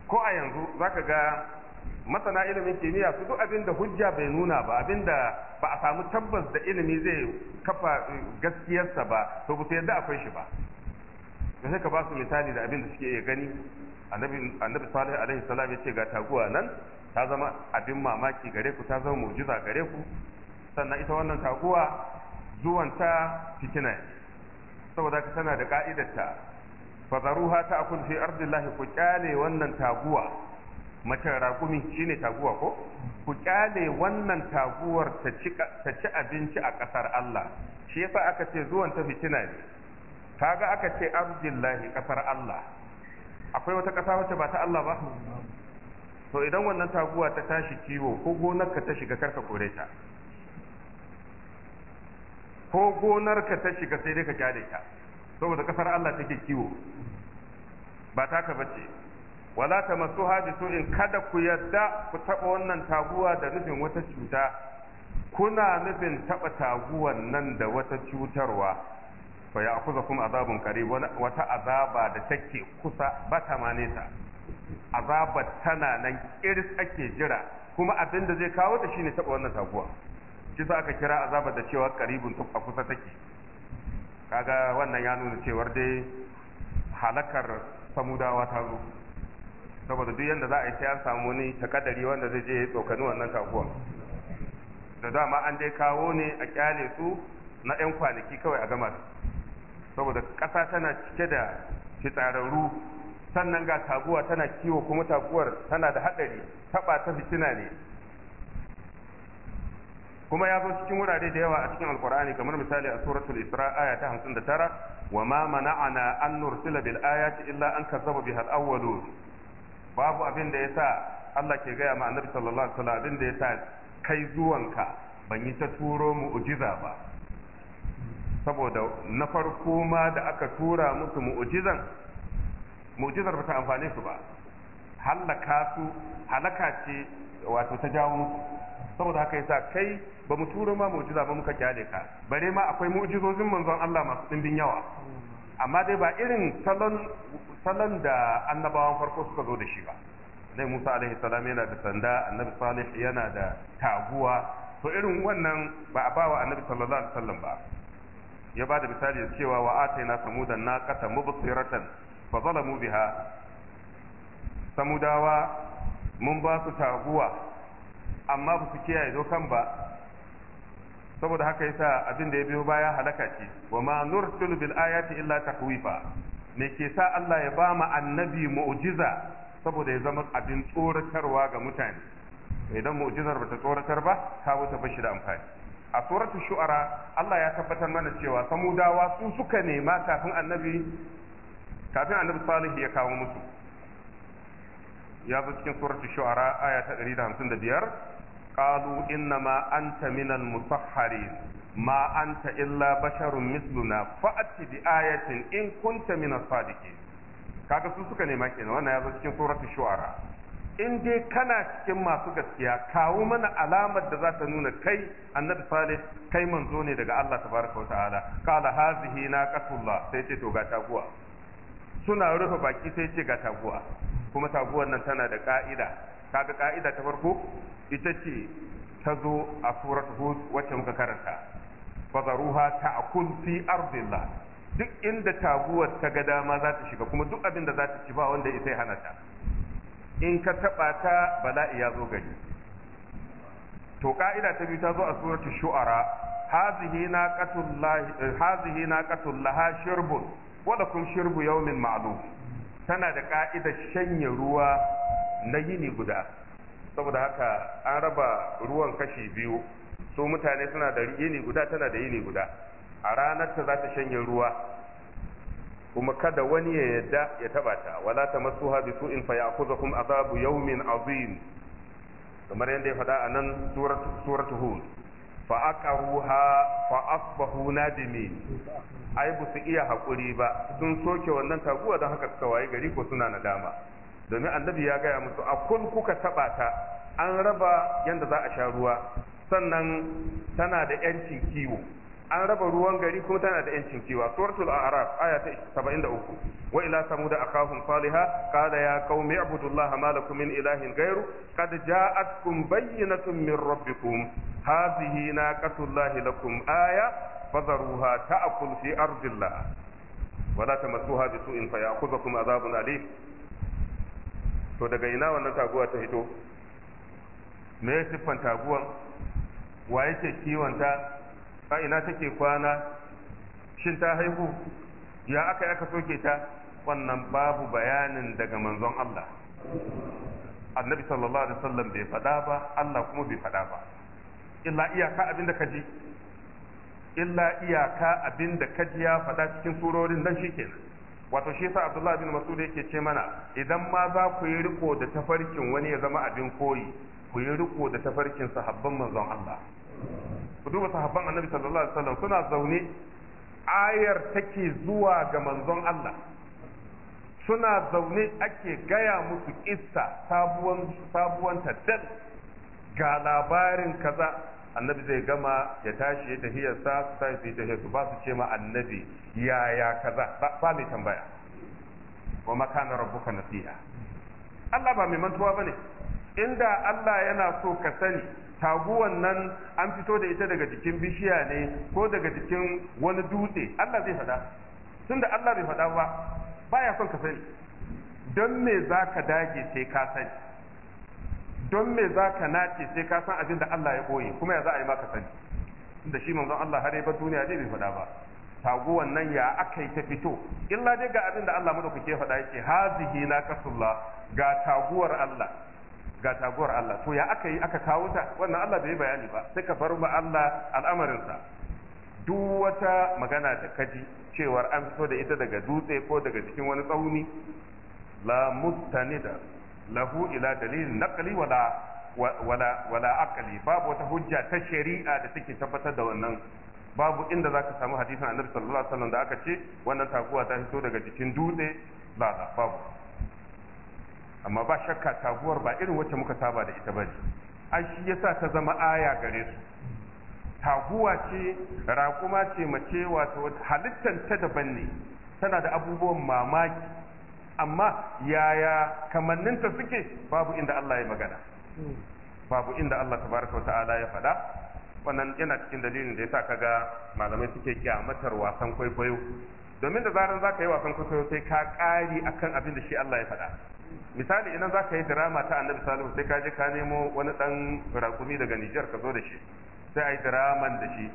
ko a yanzu za ka ga masana ilimin kimiyya su duk abin da hujja bai nuna ba abin da ba a samu tabbas da ilimi zai kafa eh, gaskiyarsa ba to ba su yadda akwai shi ba ka ba su misali da abin da suke iya gani annabi salih alaihi salam ya ce ga taguwa nan ta zama abin mamaki gare ku ta zama mu'jiza gare ku sannan ita wannan taguwa zuwan ta fitina ne saboda ka tana da ka'idarta zaruha ta akun fi ardillahi ku kyale wannan taguwa mace ragumi shine taguwa ko ku kyale wannan taguwar ta ci abinci a ƙasar Allah shi yasa aka ce zuwan ta fitina ne kaga aka ce ardillahi ƙasar Allah akwai wata ƙasa wacce ba ta Allah ba to idan wannan taguwa ta tashi kiwo ko gonarka ta shiga karka kore ta ko gonarka ta shiga sai dai ka kyale ta saboda kasar Allah take kiwo ba ta ka bace wala ta masu haji bi in kada ku yadda ku taba wannan taguwa da nufin wata cuta kuna nufin taba taguwan nan da wata cutarwa fa ya akuza kuma azabun kare wata azaba da take kusa ba ta azabar tana nan iris ake jira kuma abin da zai kawo ta shine taɓa wannan taguwa shi sa aka kira azaba da cewa karibun tuk a kusa take kaga wannan ya nuna cewar dai halakar samudawa ta zo saboda duk yanda za a yi sai an samu ni takadari wanda zai je ya tsokani wannan taguwa da dama an dai kawo ne a kyale su na 'yan kwanaki kawai a gama su saboda ƙasa tana cike da fitsararru sannan ga taguwa tana kiwo kuma taguwar tana da haɗari taɓa ta fitina ne kuma ya zo cikin wurare da yawa a cikin alkur'ani kamar misali a suratul isra aya ta tara, wa ma mana'ana an nursila bil ayati illa an kazzaba biha al babu abin da yasa Allah ke gaya ma sallallahu alaihi wasallam abin da yasa kai zuwanka ban yi ta turo mu'jiza ba saboda na farko ma da aka tura musu mu'ujizan mu'ujizar ba ta amfane su ba halaka su halaka ce wato ta jawo musu saboda haka yasa kai ba mu tura ma mu'ujiza ba muka kyale ka bare ma akwai mu'ujizozin manzon Allah masu dimbin yawa amma dai ba irin salon salon da annabawan farko suka zo da shi ba dai Musa alaihi salam yana da sanda annabi Salih yana da taguwa to irin wannan ba a bawa annabi sallallahu alaihi wasallam ba ya ba da misali da cewa wa ataina samudan naqata mubsiratan fa zalamu biha samudawa mun ba su taguwa amma ba su kiyaye dokan ba saboda haka yasa abin da ya biyo baya halaka ce wa ma nursilu bil ayati illa takwifa me ke sa Allah ya ba mu annabi mu'jiza saboda ya zama abin tsoratarwa ga mutane idan mu'jizar bata tsoratar ba ta wuce bashi da amfani a suratul shu'ara Allah ya tabbatar mana cewa samudawa su suka nema kafin annabi kafin annabi salih ya kawo musu ya zo cikin suratul shu'ara aya ta 155 qalu inna ma anta minal musahharin ma anta illa basharun misluna fa'ati bi ayatin in kunta minas sadiqin kaga su suka nema kenan wannan ya zo cikin suratul shu'ara in dai kana cikin masu gaskiya kawo mana alamar da za ta nuna kai annabi salih kai manzo ne daga Allah tabaraka wata'ala qala hazihi naqatullah sai ce to ga taguwa suna rufe baki sai ce ga taguwa kuma taguwar nan tana da ka'ida kaga ka'ida ta farko ita ce ta zo a surat hud wacce muka karanta fazaruha ta'kul fi ardillah duk inda taguwar ta ga dama za ta shiga kuma duk abin da za ta ci ba wanda ya sai hana ta in ka taɓa ta bala'i ya zo gari to ka'ida ta biyu ta zo a suratul shu'ara hazihi na katun laha shirbun wadda kun shirbu yaumin ma'alu tana da ka'ida shanye ruwa na yini guda saboda haka an raba ruwan kashi biyu su mutane suna da yini guda tana da yini guda a ranar ta za ta shanye ruwa kuma kada wani ya yadda ya taba ta wala tamassuha bi su'in fa ya'khudhukum azabu yawmin azim kamar yadda ya faɗa a nan suratu hud fa aqaruha fa asbahu nadimin ai ba su iya haƙuri ba sun soke wannan taguwa don haka suka waye gari ko suna nadama domin annabi ya gaya musu a kun kuka taba ta an raba yadda za a sha ruwa sannan tana da 'yancin kiwo an raba ruwan gari kuma tana da yancin kiwa suratul a'raf aya ta 73 wa ila samuda akahum salihah qala ya qaumi ibudullah ma lakum min ilahin ghairu qad ja'atkum bayyinatun min rabbikum hadhihi naqatullahi lakum aya fadharuha ta'kul fi ardillah wa la tamassuha fa ya'khudhukum adhabun alim to daga ina wannan taguwa ta hito me siffan taguwan wa yake kiwon ta a ina take kwana shin ta haihu ya aka aka soke ta wannan babu bayanin daga manzon Allah annabi sallallahu alaihi wasallam bai faɗa ba Allah kuma bai faɗa ba illa iyaka abinda ka ji illa iyaka abinda ka ji ya faɗa cikin surorin nan shikenan wato shi sa Abdullah bin Mas'ud yake ce mana idan ma za ku yi riko da tafarkin wani ya zama abin koyi ku yi riko da tafarkin sahabban manzon Allah ku duba sahabban annabi sallallahu alaihi wasallam suna zaune ayar take zuwa ga manzon Allah suna zaune ake gaya musu kissa sabuwan sabuwan taddal ga labarin kaza annabi zai gama ya tashi ya tahiyar sa sai tashi su ba su ce ma annabi yaya kaza ba mai tambaya wa makana rabbuka nasiha Allah ba mai mantuwa bane inda Allah yana so ka sani taguwan nan an fito da ita daga jikin bishiya ne ko daga jikin wani dutse Allah zai faɗa tunda Allah bai faɗa ba baya son ka sani don me za ka dage sai ka sani don me za ka nace sai ka san abin da Allah ya koyi kuma ya za a yi maka sani da shi manzon Allah har ba duniya zai bai faɗa ba taguwan nan ya aka yi ta fito illa dai ga abin da Allah madaukake faɗa yake hazihi na kasullah ga taguwar Allah ga taguwar Allah to ya aka yi aka kawo ta wannan Allah bai bayani ba sai ka bar ma Allah al'amarinsa duk wata magana da kaji cewar an fito da ita daga dutse ko daga cikin wani tsauni la mustanida lahu ila dalilin naqli wala wala wala aqli babu wata hujja ta shari'a da take tabbatar da wannan babu inda zaka samu hadisin Annabi sallallahu alaihi wasallam da aka ce wannan taguwa ta fito daga jikin dutse ba babu amma ba shakka taguwar ba irin wacce muka saba da ita bane an shi yasa ta zama aya gare su taguwa ce raƙuma ce mace wato halittar ta daban ne tana da abubuwan mamaki amma yaya kamanninta suke babu inda Allah ya magana babu inda Allah tabaraka ta'ala ya faɗa wannan yana cikin dalilin da yasa kaga malamai suke kyamatar wasan kwaikwayo domin da zaran za ka yi wasan kwaikwayo sai ka ƙari akan abin da shi Allah ya faɗa misali idan za ka yi dirama ta annabi salihu sai ka je ka nemo wani ɗan rakumi daga nijar ka zo da shi sai a yi diraman da shi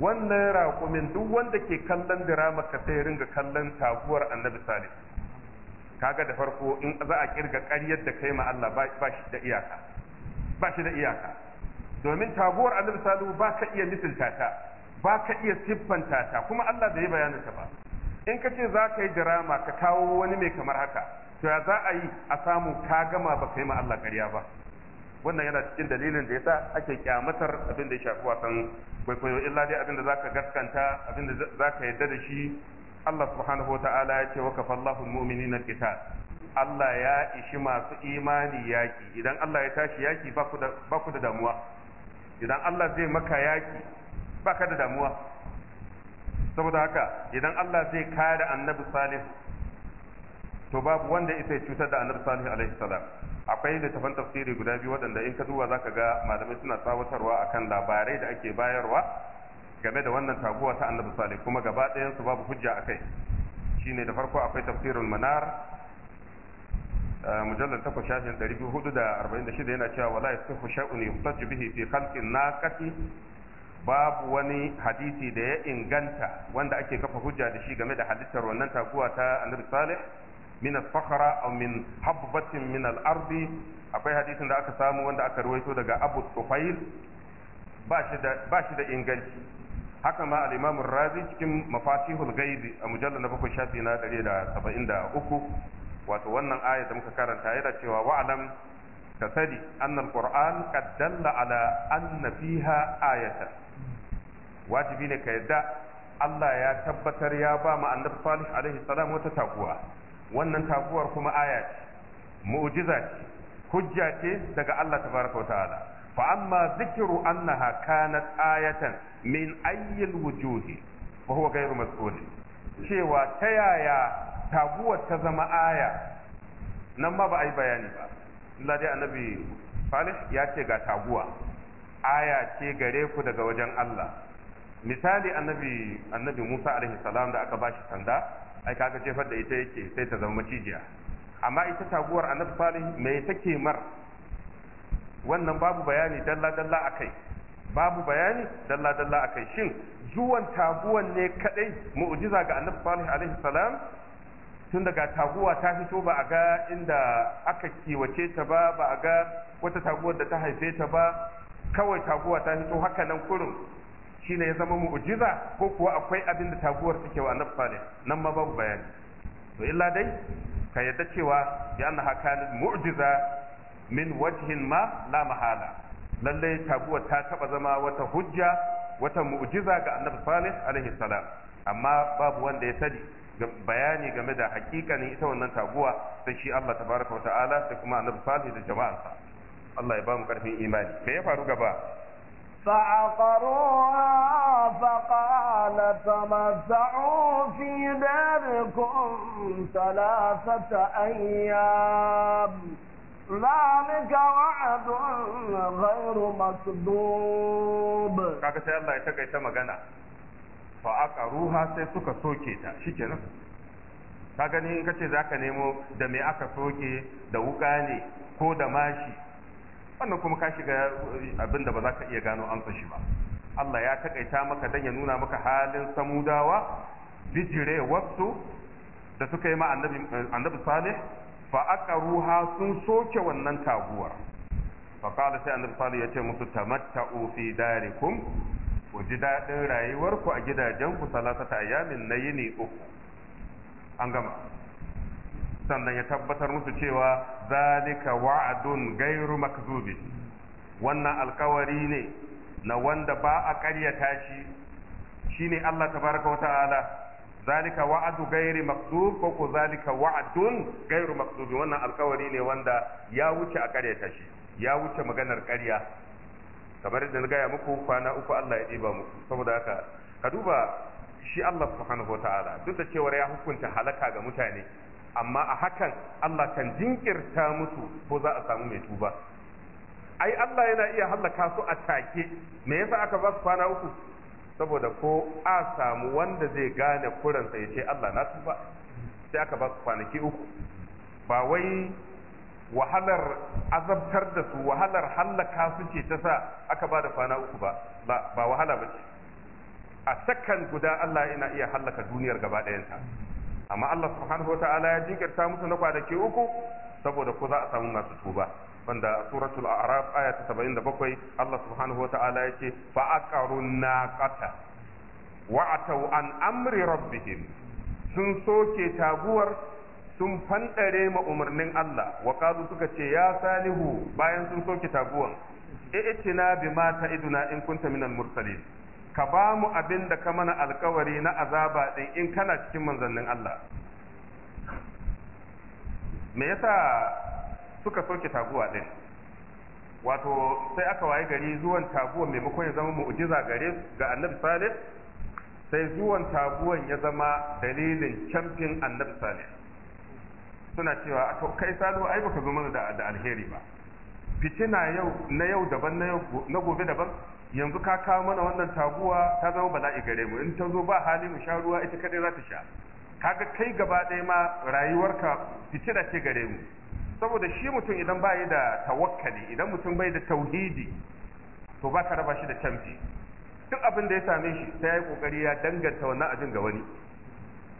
wannan rakumin duk wanda ke kallon dirama ka sai ringa kallon taguwar annabi salihu kaga da farko in za a kirga karyar da kai ma Allah ba shi da iyaka ba shi da iyaka domin taguwar annabi salihu ba ka iya misalta ta ba ka iya siffanta ta kuma Allah bai bayyana ta ba in ka ce za ka yi dirama ka kawo wani mai kamar haka to ya za a yi a samu ka gama ba kai ma Allah ƙarya ba wannan yana cikin dalilin da yasa ake kyamatar abin da ya shafi wasan kwaikwayo illa dai abin da zaka gaskanta abin da zaka yarda da shi Allah subhanahu wataala ya ce wa kafallahu almu'minina kita Allah ya ishi masu imani yaki idan Allah ya tashi yaki ba da damuwa idan Allah zai maka yaki ba da damuwa saboda haka idan Allah zai kare annabi salihu to babu wanda isa cutar da annabi Salihu alaihi salam akwai littafan tafsiri guda biyu waɗanda in ka duba zaka ga malamai suna tsawatarwa akan labarai da ake bayarwa game da wannan taguwa ta annabi Salihu kuma gaba ɗayan su babu hujja akai shine da farko akwai tafsirul manar eh, mujallal 8 shafin 446 yana cewa wala yasihu sha'un yuhtaj bihi fi khalqin naqati babu wani hadisi da ya inganta wanda ake kafa hujja da shi game da halittar wannan taguwa ta annabi Salihu. min al-fakhra aw min habbatin ardi akwai hadisin da aka samu wanda aka ruwaito daga Abu Tufail ba shi da inganci haka ma al-Imam razi cikin Mafatihul Ghaib a mujallar na 7 shafi na 173 wato wannan aya da muka karanta yana cewa wa'lam ka sani annal qur'an qad dalla ala fiha ayatan wajibi ne ka yadda Allah ya tabbatar ya ba mu annabi Salih alaihi salam wata taguwa wannan taguwar kuma aya ce mu'jiza ce hujja ce daga Allah tabaraka wa ta'ala fa amma zikru annaha kanat ayatan min ayyi wujuhi fa huwa ghairu mas'ul cewa ta yaya taguwar ta zama aya nan ma ba a yi bayani ba Allah dai annabi Salih ya ce ga taguwa aya ce gare ku daga wajen Allah misali annabi annabi Musa alaihi salam da aka bashi sanda ai kaga jefar da ita yake sai ta zama macijiya amma ita taguwar a salih me take mar wannan babu bayani dalla dalla akai babu bayani dalla dalla akai shin zuwan taguwan ne kadai mu'jiza ga annabi salih alaihi salam tun daga taguwa ta fito ba a ga inda aka kiwace ta ba ba a ga wata taguwar da ta haife ta ba kawai taguwa ta fito haka nan kurin Shi ne ya zama mu'jiza ko kuwa akwai abin da taguwar suke wa annabi salih nan ma babu bayani to illa dai ka yadda cewa ya anna haka mu'jiza min wajhin ma la mahala lalle taguwar ta taba zama wata hujja wata mu'ujiza ga annabi salih alaihi salam amma babu wanda ya sani bayani game da hakikanin ita wannan taguwa sai shi Allah tabaraka wa ta'ala da kuma annabi salih da jama'arsa. Allah ya ba mu karfin imani me ya faru gaba فعقروها فقال تمتعوا في داركم ثلاثة أيام ذلك وعد غير مكذوب kaga sai الله ya takaita magana فعقروها aka ruha sai suka soke ta shikenan ka gani in kace zaka nemo da me aka soke da wuka ne ko da mashi wannan kuma ka shiga abin da ba za ka iya gano an shi ba Allah ya takaita maka dan ya nuna maka halin samudawa bijire wasu da suka yi ma annabi salih fa ruha sun soke wannan taguwar fa qala sai annabi salih ya ce musu tamatta'u fi darikum ku ji daɗin rayuwarku a gidajenku salasata ayyamin na yini uku an gama sannan ya tabbatar musu cewa zalika wa'adun gairu makzubi wannan alkawari ne na wanda ba a ƙaryata shi shine Allah tabaraka wa ta'ala zalika wa'adu gairi makzubi ko ku zalika wa'adun gairu makzubi wannan alkawari ne wanda ya wuce a ƙaryata shi ya wuce maganar ƙarya kamar da na gaya muku kwana uku Allah ya ɗiba muku saboda haka ka duba shi Allah subhanahu wa ta'ala duk da cewa ya hukunta halaka ga mutane amma a hakan Allah kan jinkirta musu ko za a samu mai tuba ai Allah yana iya hallaka su a take me yasa aka ba su kwana uku saboda ko a samu wanda zai gane kuransa ya ce Allah na tuba sai aka ba su kwanaki uku ba wai wahalar azabtar da su wahalar hallaka su ce ta sa aka ba da kwana uku ba ba wahala ba ce a sakan guda Allah yana iya hallaka duniyar gaba ɗayanta amma Allah subhanahu wata'ala ya jinkirta musu na kwanaki uku saboda ko za a samu masu tuba banda suratul a'raf aya ta 77 Allah subhanahu wata'ala ya ce fa aqarun naqata wa atau an amri rabbihim sun soke taguwar sun fandare ma umarnin Allah wa qalu suka ce ya salihu bayan sun soke taguwan i'tina bima ta'iduna in kunta minal mursalin ka ba mu abin da ka mana alkawari na azaba ɗin in kana cikin manzannin Allah me yasa suka soke taguwa ɗin wato sai aka waye gari zuwan taguwa maimakon ya zama mu'ujiza gare ga annabi salih sai zuwan taguwan ya zama dalilin camfin annabi salih suna cewa kai salo ai baka zo mana da alheri ba fitina yau na yau daban na gobe daban yanzu ka kawo mana wannan taguwa ta zama bala'i gare mu in ta zo ba hali mu sha ruwa ita kadai za ta sha kaga kai gaba ɗaya ma rayuwarka fitina ce gare mu saboda shi mutum idan ba yi da tawakkali idan mutum bai da tauhidi to ba ka raba shi da canfi duk abin da ya same shi ta yi kokari ya danganta wannan abin ga wani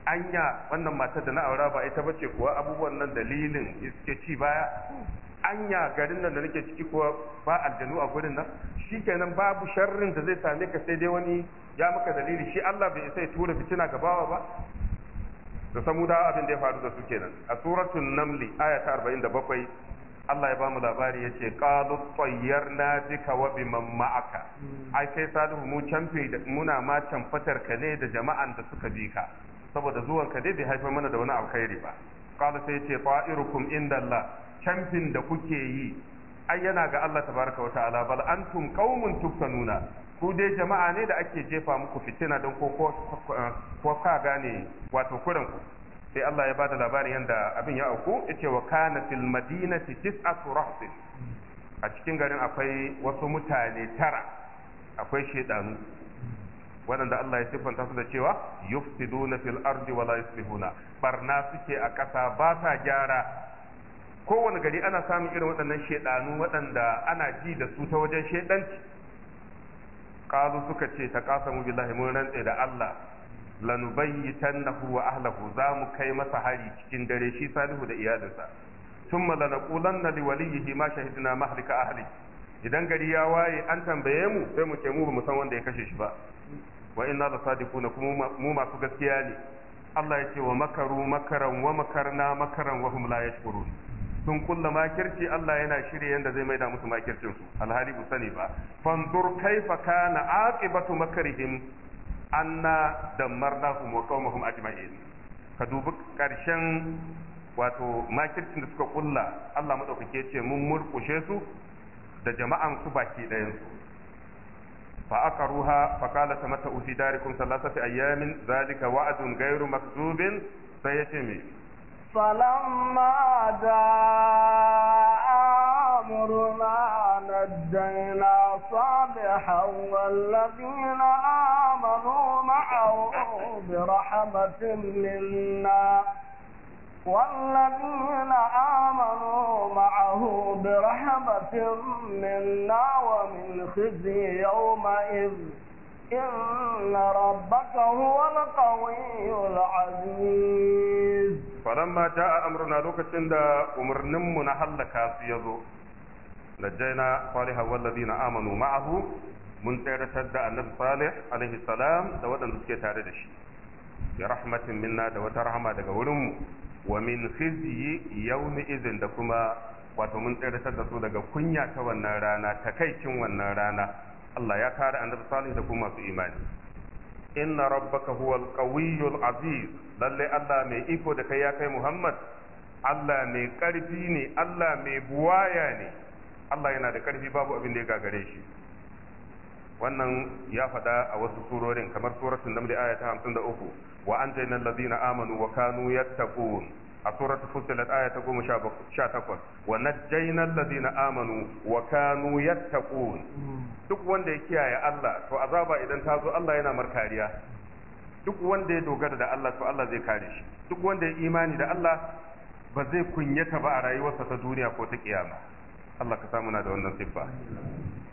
anya wannan matar da na aura ba ita bace kuwa abubuwan nan dalilin iske ci baya anya garin nan da nake ciki kuwa ba aljanu a gurin nan shikenan babu sharrin da zai same ka sai dai wani ya maka dalili shi Allah bai sai tura fitina ga bawa ba da samuda abin da ya faru da su kenan a suratul namli aya ta 47 Allah ya bamu labari yace qalu tayyarna bika wa biman ma'aka ai kai salihu mu canfe muna ma canfatar ka ne da jama'an da suka bi ka saboda zuwan ka dai bai haifar mana da wani alkhairi ba qala sai yace fa'irukum inda Allah camfin da kuke yi ai yana ga Allah tabaraka wa ta'ala bal antum qaumun tuftanuna ku dai jama'a ne da ake jefa muku fitina don ko ko ka gane wato kuran ku sai Allah ya bada labarin yanda abin ya auku yace wa kana fil madinati tis'atu rahsin a cikin garin akwai wasu mutane tara akwai shedanu waɗanda Allah ya siffanta su da cewa yufsiduna fil ardi wala yuslihuna barna suke a ƙasa ba sa gyara kowane gari ana samun irin waɗannan shaidanu waɗanda ana ji da su ta wajen shaidanci kazu suka ce ta mu billahi mun rantse da Allah lanubayyitannahu wa ahlahu za mu kai masa hari cikin dare shi salihu da iyalinsa thumma lanaqulanna liwaliyhi ma shahidna mahalika, ahli idan gari ya waye an tambaye mu sai mu ce mu ba mu san wanda ya kashe shi ba wa inna la sadiquna kuma mu masu gaskiya ne Allah ya ce wa makaru makaran wa makarna makaran wa hum la yashkurun sun kulla makirci Allah yana shirye yadda zai maida musu makircin su alhali bu sani ba fanzur kaifa kana aqibatu makrihim anna damarnahum wa qaumahum ajma'in ka dubi karshen wato makircin da suka kulla Allah madaukake ce mun murkushe su da jama'an su baki ɗayan su mata فقال تمتعوا في داركم wa'adun أيام ذلك sai ya ce me. فلما جاء أمرنا نجينا صالحا والذين آمنوا معه برحمة منا والذين آمنوا معه برحمة منا ومن خزي يومئذ إن ربك هو القوي العزيز فلما جاء أمرنا لوكتين دا أمرنم نحل كاسيزو نجينا صالحا والذين آمنوا معه mun tsayar da annabi salih alaihi salam da waɗanda suke tare da shi Ya rahmatin minna da wata rahama daga wurinmu wa min khizyi yawmi idin da kuma wato mun tsayar da su daga kunya ta wannan rana takaicin wannan rana Allah ya kare annabi salih da kuma su imani inna rabbaka huwal qawiyyul aziz lalle Allah mai iko da kai ya kai Muhammad Allah mai karfi ne Allah mai buwaya ne Allah yana da karfi babu abin da ya gagare shi wannan ya faɗa a wasu surorin kamar suratul namli aya ta 53 wa anjayna na amanu wa kanu yattaqun a suratul fusilat aya ta takwas, wa najjayna ladina amanu wa kanu yattaqun duk wanda ya kiyaye Allah to azaba idan ta zo Allah yana markariya duk wanda ya dogara da Allah to Allah zai kare shi duk wanda ya imani da Allah ba zai kunyata ba a rayuwarsa ta duniya ko ta kiyama Allah ka samu na da wannan siffa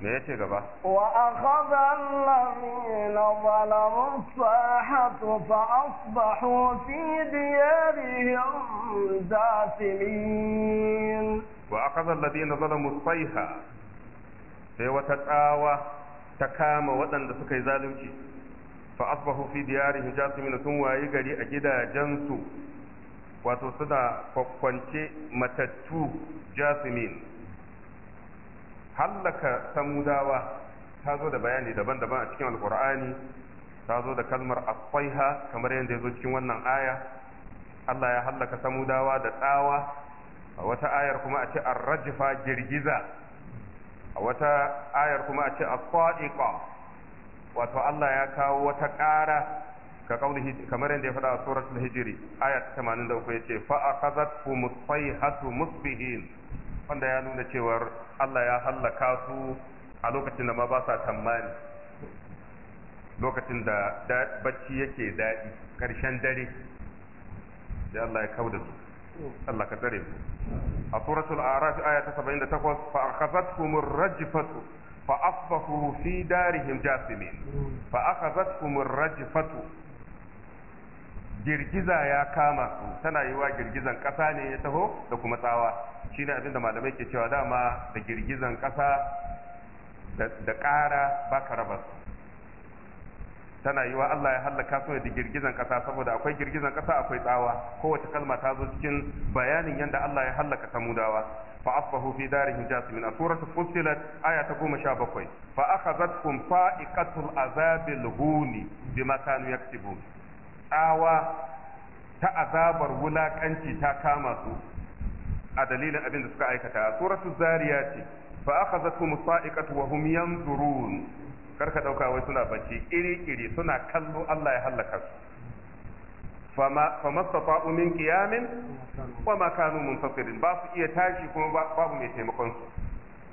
me yace gaba wa akhadha alladhina zalamu sahatu fa asbahu fi diyarihim zasimin wa akhadha alladhina zalamu sayha sai wata tsawa ta kama waɗanda suka yi zalunci fa asbahu fi diyarihim zasimin sun wayi gari a gidajensu wato suna kwakwance matattu jasimin hallaka samudawa ta zo da bayani daban-daban a cikin alkur'ani ta zo da kalmar asfaiha kamar yadda ya zo cikin wannan aya Allah ya hallaka samudawa da tsawa a wata ayar kuma a ce rajifa girgiza a wata ayar kuma a ce a asfa'iqa wato Allah ya kawo wata ƙara ka kauli kamar yadda ya faɗa a uku hijri ayat 83 yace ku akhadhat musfaihatu musbihin wanda ya nuna cewar Allah ya hallaka su a lokacin da ma ba sa tambani lokacin da bacci yake daɗi ƙarshen dare da Allah ya da su Allah ka tsare su a suratul araf aya ta 78 fa akhazatkum ar-rajfatu fa asbahu fi darihim jasimin fa akhazatkum ar-rajfatu girgiza ya kama su tana yiwa girgizan ƙasa ne ya taho da kuma tsawa shine abin da malamai ke cewa dama da girgizan ƙasa da ƙara ba ka raba su tana wa Allah ya hallaka su da girgizan ƙasa saboda akwai girgizan ƙasa akwai tsawa kowace kalma ta zo cikin bayanin yadda Allah ya hallaka samudawa fa asbahu fi darihim jasimin a suratu fussilat aya ta goma sha bakwai fa akhadhatkum fa'iqatul azabil huni bima kanu yaktubun tsawa ta azabar wulakanci ta kama su a dalilin abin da suka aikata suratul zariyat fa akhadhatuhum sa'iqatu wa hum yanzurun karka dauka wai suna bacci iri iri suna kallo Allah ya halaka su fama famattata'u min qiyamin wa ma kanu munfasirin ba su iya tashi kuma babu mai taimakon su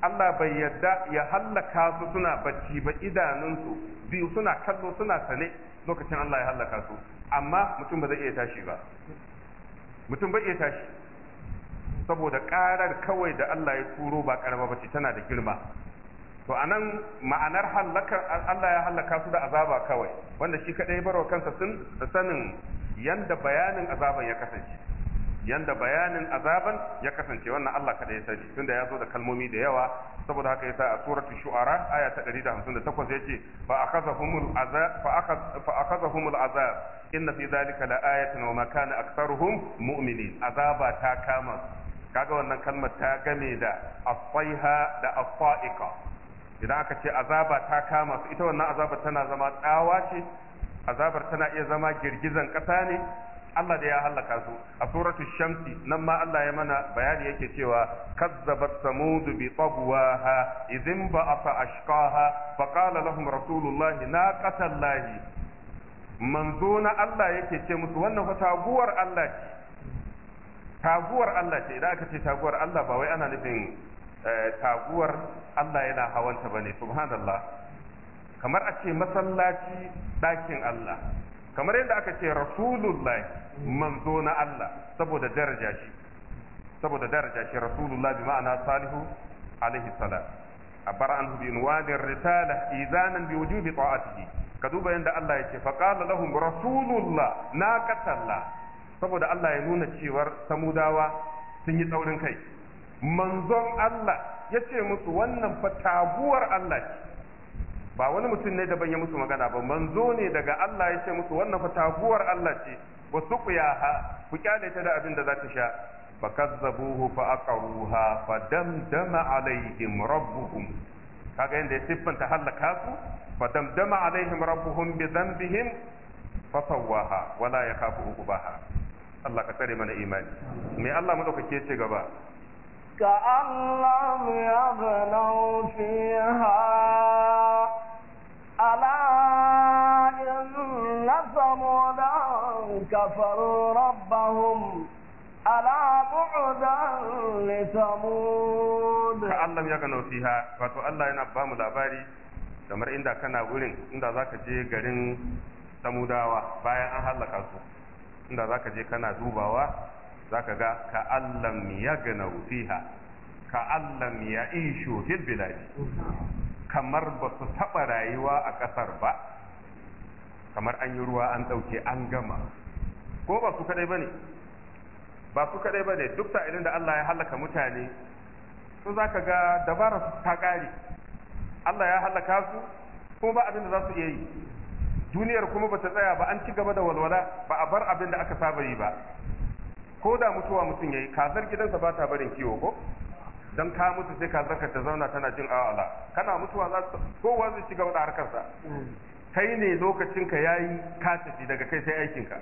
Allah bai yadda ya hallaka su suna bacci ba idanunsu biyu suna kallo suna sane lokacin Allah ya hallaka su amma mutum ba zai iya tashi ba mutum bai iya tashi saboda ƙarar kawai da Allah ya turo ba karama ba ce tana da girma to anan ma'anar Allah ya halaka su da azaba kawai wanda shi kadai barwa kansa sun sanin yanda bayanin azaban ya kasance yanda bayanin azaban ya kasance wannan Allah kadai ya sani tunda ya zo da kalmomi da yawa saboda haka yasa a suratu shu'ara aya ta 158 yace fa akhazahumul azab fa akhazahumul azab inna fi dhalika la ayatan wa ma kana aktharuhum mu'minin azaba ta kama kaga wannan kalmar ta game da afaiha da afaika idan aka ce azaba ta kama su ita wannan azabar tana zama tsawa ce azabar tana iya zama girgizan ƙasa ne Allah da ya halaka su a suratu shamsi nan ma Allah ya mana bayani yake cewa kazzabat samudu bi tabwaha idhin ba'atha ashqaha fa qala lahum rasulullahi naqatallahi manzo na Allah yake ce musu wannan fa taguwar Allah ce taguwar Allah ce idan aka ce taguwar Allah ba wai ana nufin eh, taguwar Allah yana hawanta ne, subhanallah kamar a ce masallaci ɗakin Allah kamar yadda aka ce rasulullahi manzo na Allah saboda daraja shi saboda daraja shi rasulullahi bi ma'ana salihu alaihi salam abar an bi inwadir risala izanan bi wujubi ta'atihi ka duba yadda Allah ya ce qala lahum rasulullah na qatallah saboda Allah ya nuna cewar samudawa sun yi tsaurin kai manzon Allah ya ce musu wannan fa taguwar Allah ce ba wani mutum ne daban ya musu magana ba manzo ne daga Allah ya ce musu wannan fa taguwar Allah ce ba su ku kyale ta da abin da za ta sha fa kazzabuhu fa aqruha fa damdama alaihim rabbuhum kaga inda ya siffanta halaka su fa damdama alaihim rabbuhum bi dhanbihim fa sawaha wala yakhafu ubaha Allah ka tare mana imani me Allah mu ka ce gaba ka Allah ya bana fiha ala in samuda kafar rabbahum ala bu'dan li samud ka Allah ya kana fiha wato Allah yana ba mu labari kamar inda kana gurin inda zaka je garin samudawa bayan an hallaka su inda za ka je kana dubawa za ka ga ka'allam ya gana fiha ka'allam ya isho fil kamar ba su taɓa rayuwa a ƙasar ba kamar an yi ruwa an ɗauke an gama ko ba su kaɗai ba ne ba su kaɗai ba ne duk sa'ilin da Allah ya halaka mutane su za ka ga dabara su ta ƙare Allah ya halaka su ko ba abin da za su iya yi duniyar kuma bata tsaya ba an ci gaba da walwala ba a bar abin da aka saba yi ba ko da mutuwa mutum ya yi kasar gidansa ba ta barin kiwo ko don ka mutu sai kazar ka ta zauna tana jin awala ah, kana mutuwa za ta kowa zai ci gaba da harkarsa kai ne lokacin ka yi ka tafi daga kai sai aikin ka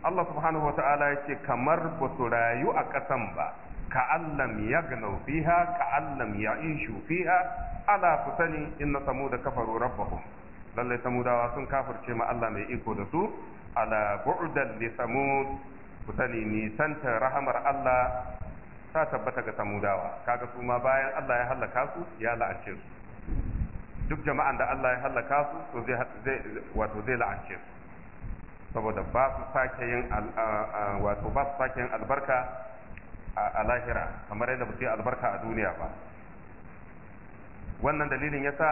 Allah subhanahu ya ce kamar ba su rayu a kasan ba ka allam yagnau fiha ka allam ya'ishu fiha ala in na samu da kafaru rabbahum lalle samudawa sun kafirce ma Allah mai iko da su ala bu'dan li samud ku sani santa rahamar Allah ta tabbata ga samudawa kaga su ma bayan Allah ya halaka su ya la'ance su duk jama'an da Allah ya halaka su to zai wato zai la'ance su saboda ba su sake yin wato ba su sake yin albarka a lahira kamar yadda ba su yi albarka a duniya ba wannan dalilin ya sa.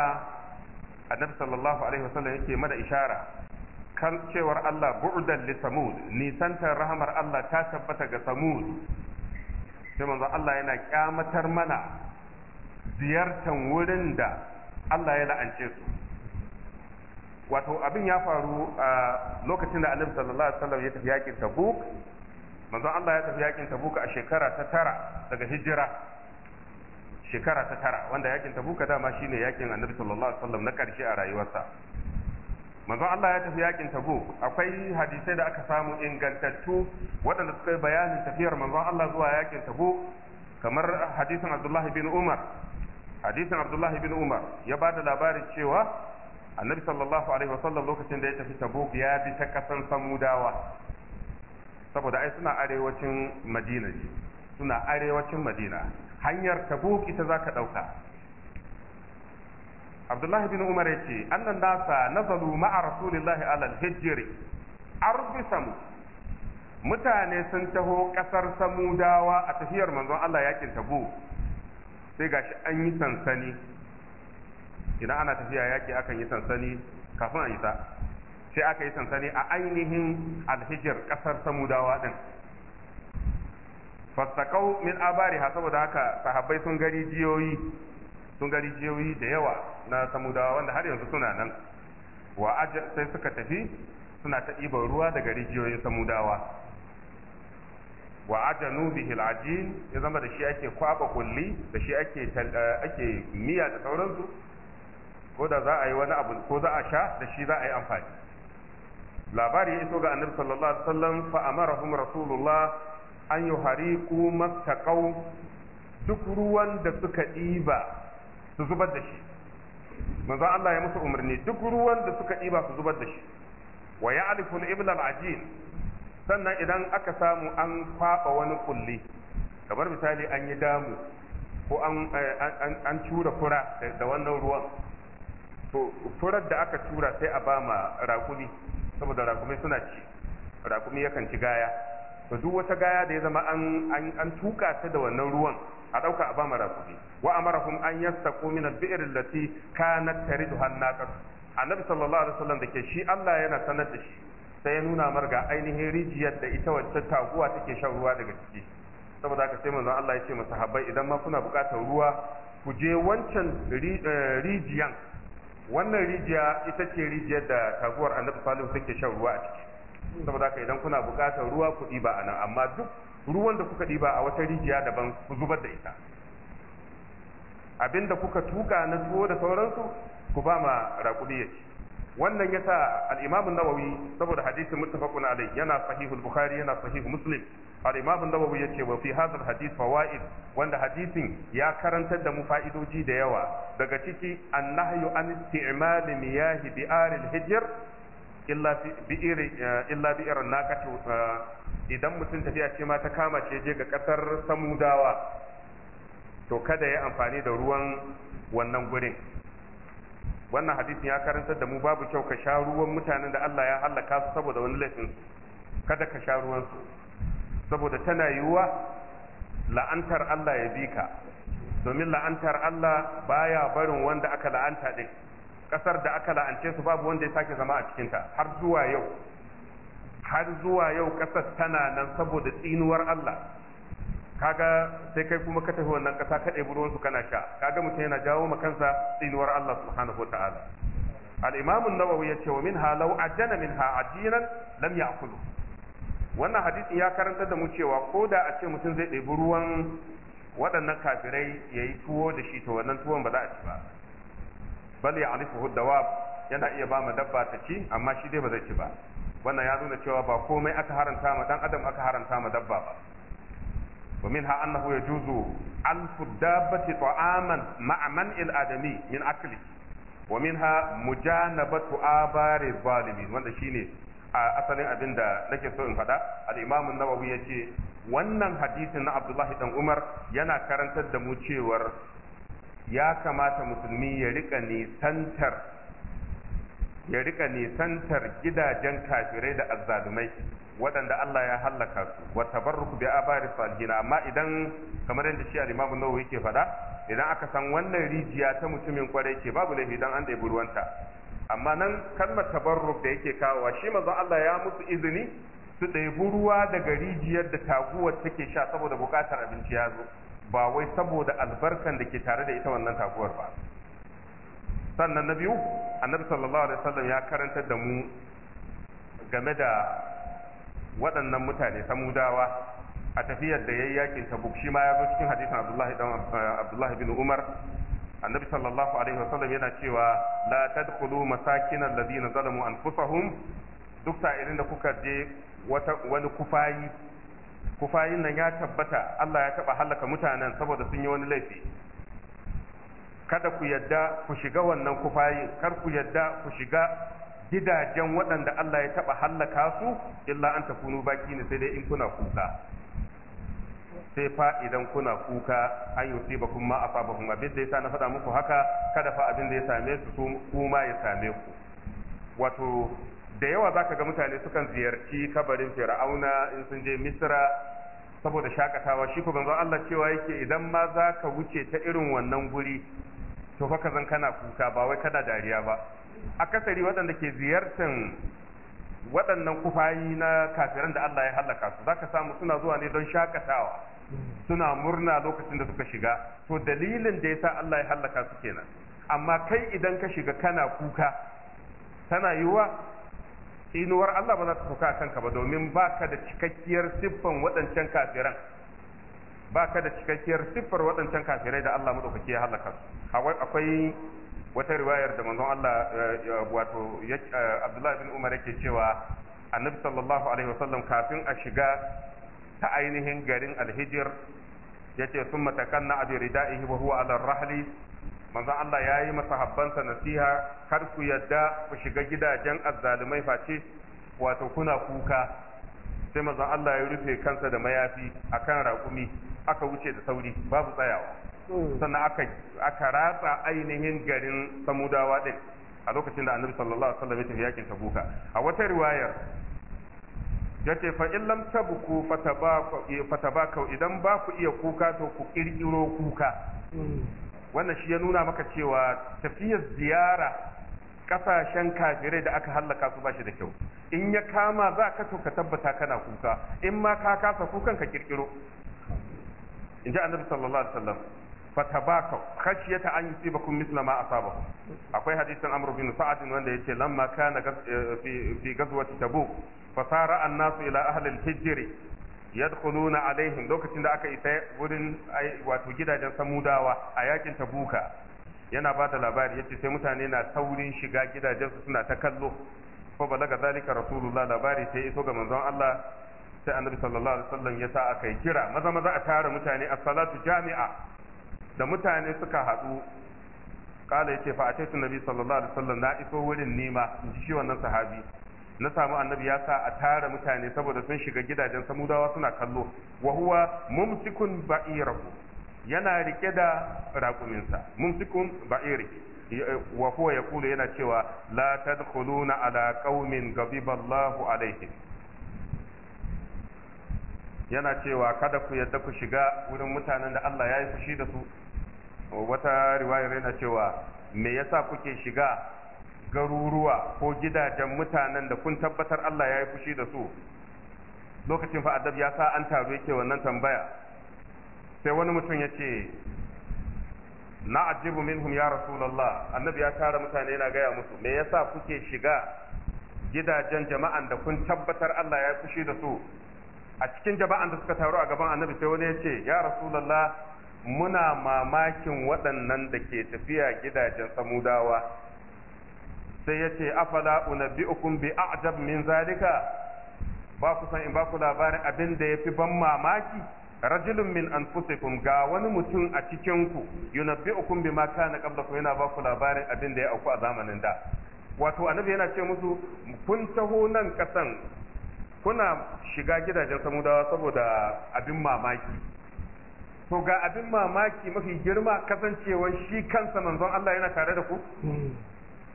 annabi sallallahu alaihi wasallam yake mana ishara kan cewar Allah bu'dan li samud nisantar rahmar Allah ta tabbata ga samud sai manzo Allah yana kyamatar mana ziyartan wurin da Allah ya la'ance su wato abin ya faru a lokacin da annabi sallallahu alaihi wasallam ya tafi yakin tabuk manzo Allah ya tafi yakin tabuk a shekara ta tara daga hijira shekara ta tara wanda yakin tabuka dama shine yakin annabi sallallahu alaihi wasallam na karshe a rayuwarsa manzon Allah ya tafi yakin tabuk akwai hadisai da aka samu ingantattu waɗanda suka yi bayanin tafiyar manzon Allah zuwa yakin tabuk kamar hadisin Abdullah bin Umar hadisin Abdullah bin Umar ya ba da labarin cewa annabi sallallahu alaihi wasallam lokacin da ya tafi tabuk ya bi ta kasan samudawa saboda ai suna arewacin madina suna arewacin madina hanyar tabuk ita za ka ɗauka abdullahi bin umar ya ce annan nazaru nazalu ma'a rasulillahi alal hijjiri arfi samu mutane sun taho ƙasar samudawa a tafiyar manzon allah yakin tabu sai gashi an yi sansani idan ana tafiya yaki akan yi sansani kafin a yi sa, sai aka yi sansani a ainihin alhijir ƙasar samudawa din fasakau min abariha saboda haka sahabbai sun gari jiyoyi sun gari jiyoyi da yawa na samudawa wanda har yanzu suna nan wa sai suka tafi suna ta ɗiban ruwa daga rijiyoyin samudawa wa ajanu bihi al'ajin ya zama da shi ake kwaba kulli da shi ake eh, ake miya da sauransu ko da za a yi wani abu ko za a sha da shi za a yi amfani labari ya iso ga annabi sallallahu alaihi wasallam fa hum rasulullah an yi hariku mastakau duk ruwan da suka ɗiba su zubar da shi manzo Allah ya musu umarni duk ruwan da suka ɗiba su zubar da shi wa ya aliful ibn al ajin sannan idan aka samu an kwaɓa wani kulli kamar misali an yi damu ko an cura fura da wannan ruwan to furar da aka tura sai a ba ma rakumi saboda rakumi suna ci rakumi yakan ci gaya to duk wata gaya da ya zama an tuka ta da wannan ruwan a dauka a ba mara kuɗi wa amarahum an yastaqu min al-bi'r allati kanat tariduha an annabi sallallahu alaihi wasallam dake shi Allah yana sanar da shi sai ya nuna marga ainihin rijiyar da ita wacce taguwa take shan ruwa daga ciki saboda haka sai manzon Allah ya ce masa habbai idan ma kuna buƙatar ruwa ku je wancan eh, rijiyan wannan rijiya ita ce rijiyar da taguwar annabi salihu take shan ruwa a ciki saboda ka idan kuna bukatar ruwa ku ɗiba a nan amma duk ruwan da kuka ɗiba a wata rijiya daban ku zubar da ita abinda kuka tuka na tuwo da sauransu ku ba ma raƙumi ya ci wannan yasa al-Imam an-Nawawi saboda hadisi muttafaqun alayh yana sahih bukhari yana sahih Muslim al-Imam an-Nawawi yace wa fi hadha fawaid wanda hadisin ya karantar da mu fa'idoji da yawa daga ciki annahyu an isti'mal miyahi bi'ar al-hijr Eh, illa bi irin naqatu eh, idan mutum tafiya ce ma ta kama ce je ga kasar samudawa to kada ya amfani da ruwan wannan gurin wannan hadisin ya karantar da mu babu kyau ka sha ruwan mutanen da Allah ya halaka su saboda wani laifin kada ka sha ruwan su saboda tana yiwuwa la'antar Allah ya bi ka domin la'antar Allah baya barin wanda aka la'anta din kasar da aka la'ance su babu wanda ya sake zama a cikinta har zuwa yau har zuwa yau kasar tana nan saboda tsinuwar Allah kaga sai kai kuma ka tafi wannan kasa kada ɗebi su kana sha kaga mutum yana jawo ma kansa tsinuwar Allah subhanahu ta'ala al-imam an-nawawi yace wa minha law ajjana minha ajinan lam ya'kulu wannan hadisin ya karanta da mu cewa ko da a ce mutum zai ɗebi ruwan waɗannan kafirai yayi tuwo da shi to wannan tuwon ba za a ci ba bal ya'rifuhu dawab yana iya ba ma dabba ta ci amma shi dai ba zai ci ba wannan ya nuna cewa ba komai aka haranta ma dan adam aka haranta ma dabba ba wa minha annahu yajuzu alfu dabbati ta'aman ma'a man'il adami min akli wa minha mujanabatu abari zalimin wanda shine a asalin abin da nake so in faɗa al-imam an-nawawi yace wannan hadisin na Abdullahi dan Umar yana karantar da mu cewar ya kamata musulmi ya rika nisantar ya rika nisantar gidajen kafirai da azzalumai waɗanda Allah ya hallaka su wa tabarruku bi abari salihin amma idan kamar yadda shi al-Imam Nawawi yake faɗa idan aka san wannan rijiya ta mutumin kwarai ce babu laifi dan an dai ruwanta amma nan kalmar tabarruk da yake kawowa shi manzon Allah ya musu izini su ɗebi ruwa daga rijiyar da taguwar take sha saboda bukatar abinci ya zo ba wai saboda albarkan da ke tare da ita wannan taguwar ba sannan na biyu annabi sallallahu alaihi wasallam ya karantar da mu game da waɗannan mutane samudawa a tafiyar da yayi yakin tabuk shi ma ya zo cikin hadisin abdullahi dan abdullahi bin umar annabi sallallahu alaihi wasallam yana cewa la tadkhulu masakin alladhina zalamu anfusahum duk sa'irin da kuka je wani kufayi kufayin nan ya tabbata Allah ya taba halaka mutanen saboda sun yi wani laifi kada ku yadda ku shiga wannan kufayin kar ku yadda ku shiga gidajen waɗanda Allah ya taba halaka su illa an takunu baki ne sai dai in kuna kuka sai fa idan kuna kuka an bakun ma asabakum abin da yasa na faɗa muku haka kada fa abin da ya same su kuma ya same ku wato da yawa za ka ga mutane sukan ziyarci kabarin fir'auna in sun je misra saboda shakatawa shi ko banzo Allah cewa yake idan ma za ka wuce ta irin wannan guri to fa ka zan kana kuka ba wai kana dariya ba akasari waɗanda ke ziyartan waɗannan kufayi na kafiran da Allah ya halaka su za zaka samu suna zuwa ne don shakatawa suna murna lokacin da suka shiga to dalilin da yasa Allah ya halaka su kenan amma kai idan ka shiga kana kuka tana yiwuwa Inuwar Allah ba za ta sauka a kanka ba domin baka da cikakkiyar siffan waɗancan kafiran da cikakkiyar siffar waɗancan kafirai da Allah madaukaki ya halaka su akwai wata riwayar da manzon Allah eh, wato eh, bin Umar yake cewa annabi sallallahu alaihi wasallam kafin a shiga ta ainihin garin alhijir yace summa takanna abi ridaihi wa huwa ala rahli manzon Allah ya yi masahabbansa nasiha kar ku yadda ku shiga gidajen azzalumai face wato kuna kuka sai manzon Allah ya rufe kansa da mayafi akan raƙumi aka wuce da sauri babu tsayawa sannan aka aka ratsa ainihin garin samudawa din a lokacin da annabi sallallahu alaihi wasallam ya tafi yakin tabuka a wata riwayar yace fa in lam tabku fatabaku idan ba ku iya kuka to ku kirkiro kuka wannan shi ya nuna maka cewa tafiyar ziyara kasashen kafirai da aka hallaka su ba shi da kyau in ya kama za ka to ka tabbata kana kuka in ma ka kasa kukan ka kirkiro in ji annabi sallallahu alaihi wasallam fatabaka khashiyata an yusibakum mithla ma asabakum akwai hadisin amr bin sa'ad wanda yace lamma kana eh, fi fi gazwati tabuk fasara an-nasu ila ahli al-hijr yadkhuluna alaihim lokacin da aka isa wurin wato gidajen samudawa a yakin tabuka yana ba da labari yace sai mutane na saurin shiga gidajen su suna ta kallo ko balaga zalika rasulullah labari sai iso ga manzon Allah sai annabi sallallahu alaihi wasallam ya sa aka kira maza maza a tara mutane as-salatu jami'a da mutane suka haɗu kala yace fa ataitu nabi sallallahu alaihi wasallam na iso wurin nima in ji shi wannan sahabi na samu annabi ya sa a tara mutane saboda sun shiga gidajen samudawa suna kallo wa huwa mumsikun ba'irahu yana rike da raƙuminsa mumsikun ba'iri wa huwa kula yana cewa la tadkhuluna ala qaumin ghadiballahu alaihim yana cewa kada ku yadda ku shiga wurin mutanen da Allah ya yi fushi da su wata riwayar yana cewa me yasa kuke shiga garuruwa ko gidajen mutanen da kun tabbatar Allah ya yi fushi da su lokacin fa adab ya sa an taro yake wannan tambaya sai wani mutum ya ce na ajibu minhum ya rasulallah annabi ya tara mutane yana gaya musu me yasa kuke shiga gidajen jama'an da kun tabbatar Allah ya yi fushi da su a cikin jama'an da suka taru a gaban annabi sai wani ya ce ya rasulallah muna mamakin waɗannan da ke tafiya gidajen samudawa sai ce afala unabbi'ukum bi a'jab min zalika ba ku san in ba ku labarin abin da yafi ban mamaki rajulun min anfusikum ga wani mutum a cikin ku yunabbi'ukum bima kana ku yana ba ku labarin abin da ya auku a zamanin da wato annabi yana ce musu kun taho nan kasan kuna shiga gidajen samudawa saboda abin mamaki to ga abin mamaki mafi girma kasancewar shi kansa manzon Allah yana tare da ku hmm.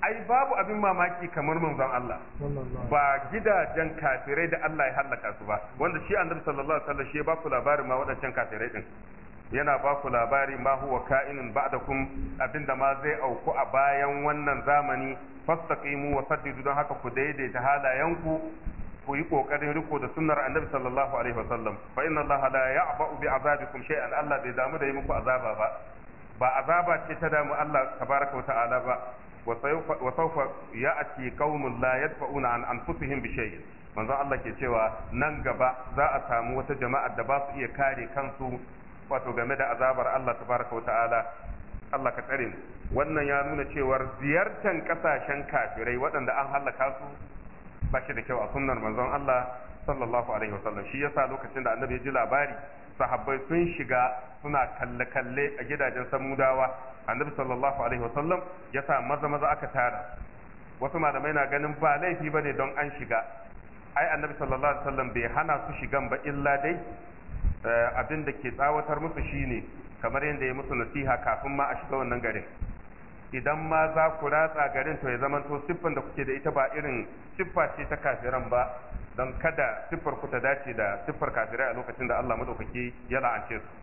ai babu abin mamaki kamar manzon Allah ba gidajen kafirai da Allah ya halaka su ba wanda shi annabi sallallahu alaihi wasallam shi ba ku labarin ma wadancan kafirai din yana ba ku labari ma huwa ka'inun ba'dakum abinda ma zai auku a bayan wannan zamani fastaqimu wa saddidu don haka ku daidaita halayenku ku yi kokarin riko da sunnar annabi sallallahu alaihi wasallam fa inna allaha la ya'ba'u bi azabikum shay'an Allah bai damu da yi muku azaba ba ba azaba ce ta damu Allah tabaraka wa ta'ala ba wa sawfa ya'ti qaumun la yadfa'una an anfusihim bi shay'in manzon Allah ke cewa nan gaba za a samu wata jama'a da ba su iya kare kansu wato game da azabar Allah tabaraka wata'ala Allah ka tsare wannan ya nuna cewar ziyartar ƙasashen kafirai waɗanda an halaka su ba shi da kyau a sunnar manzon Allah sallallahu alaihi wasallam shi yasa lokacin da annabi ya ji labari sahabbai sun shiga suna kalle-kalle a gidajen samudawa annabi sallallahu alaihi wasallam ya sa maza maza aka tara wasu malamai na ganin ba laifi bane don an shiga ai annabi sallallahu alaihi wasallam bai hana su shigan ba illa dai eh, abin da ke tsawatar musu shine kamar yadda ya musu nasiha kafin ma a shiga wannan garin idan ma za ku ratsa garin to ya zamanto siffan da kuke da ita ba irin siffa ce ta kafiran ba don kada siffar ku ta dace da siffar kafirai a lokacin da Allah madaukaki ya la'ance su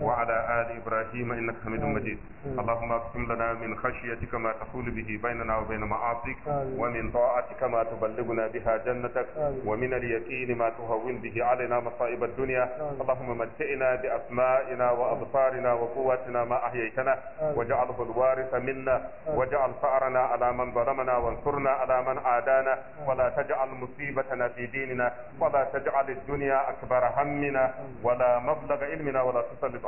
وعلى آل إبراهيم إنك حميد مجيد اللهم اقسم لنا من خشيتك ما تحول به بيننا وبين معاصيك ومن طاعتك ما تبلغنا بها جنتك ومن اليقين ما تهون به علينا مصائب الدنيا اللهم متئنا بأسمائنا وأبصارنا وقواتنا ما أحييتنا واجعله الوارث منا واجعل فأرنا على من ظلمنا وانصرنا على من عادانا ولا تجعل مصيبتنا في ديننا ولا تجعل الدنيا أكبر همنا ولا مبلغ علمنا ولا تسلط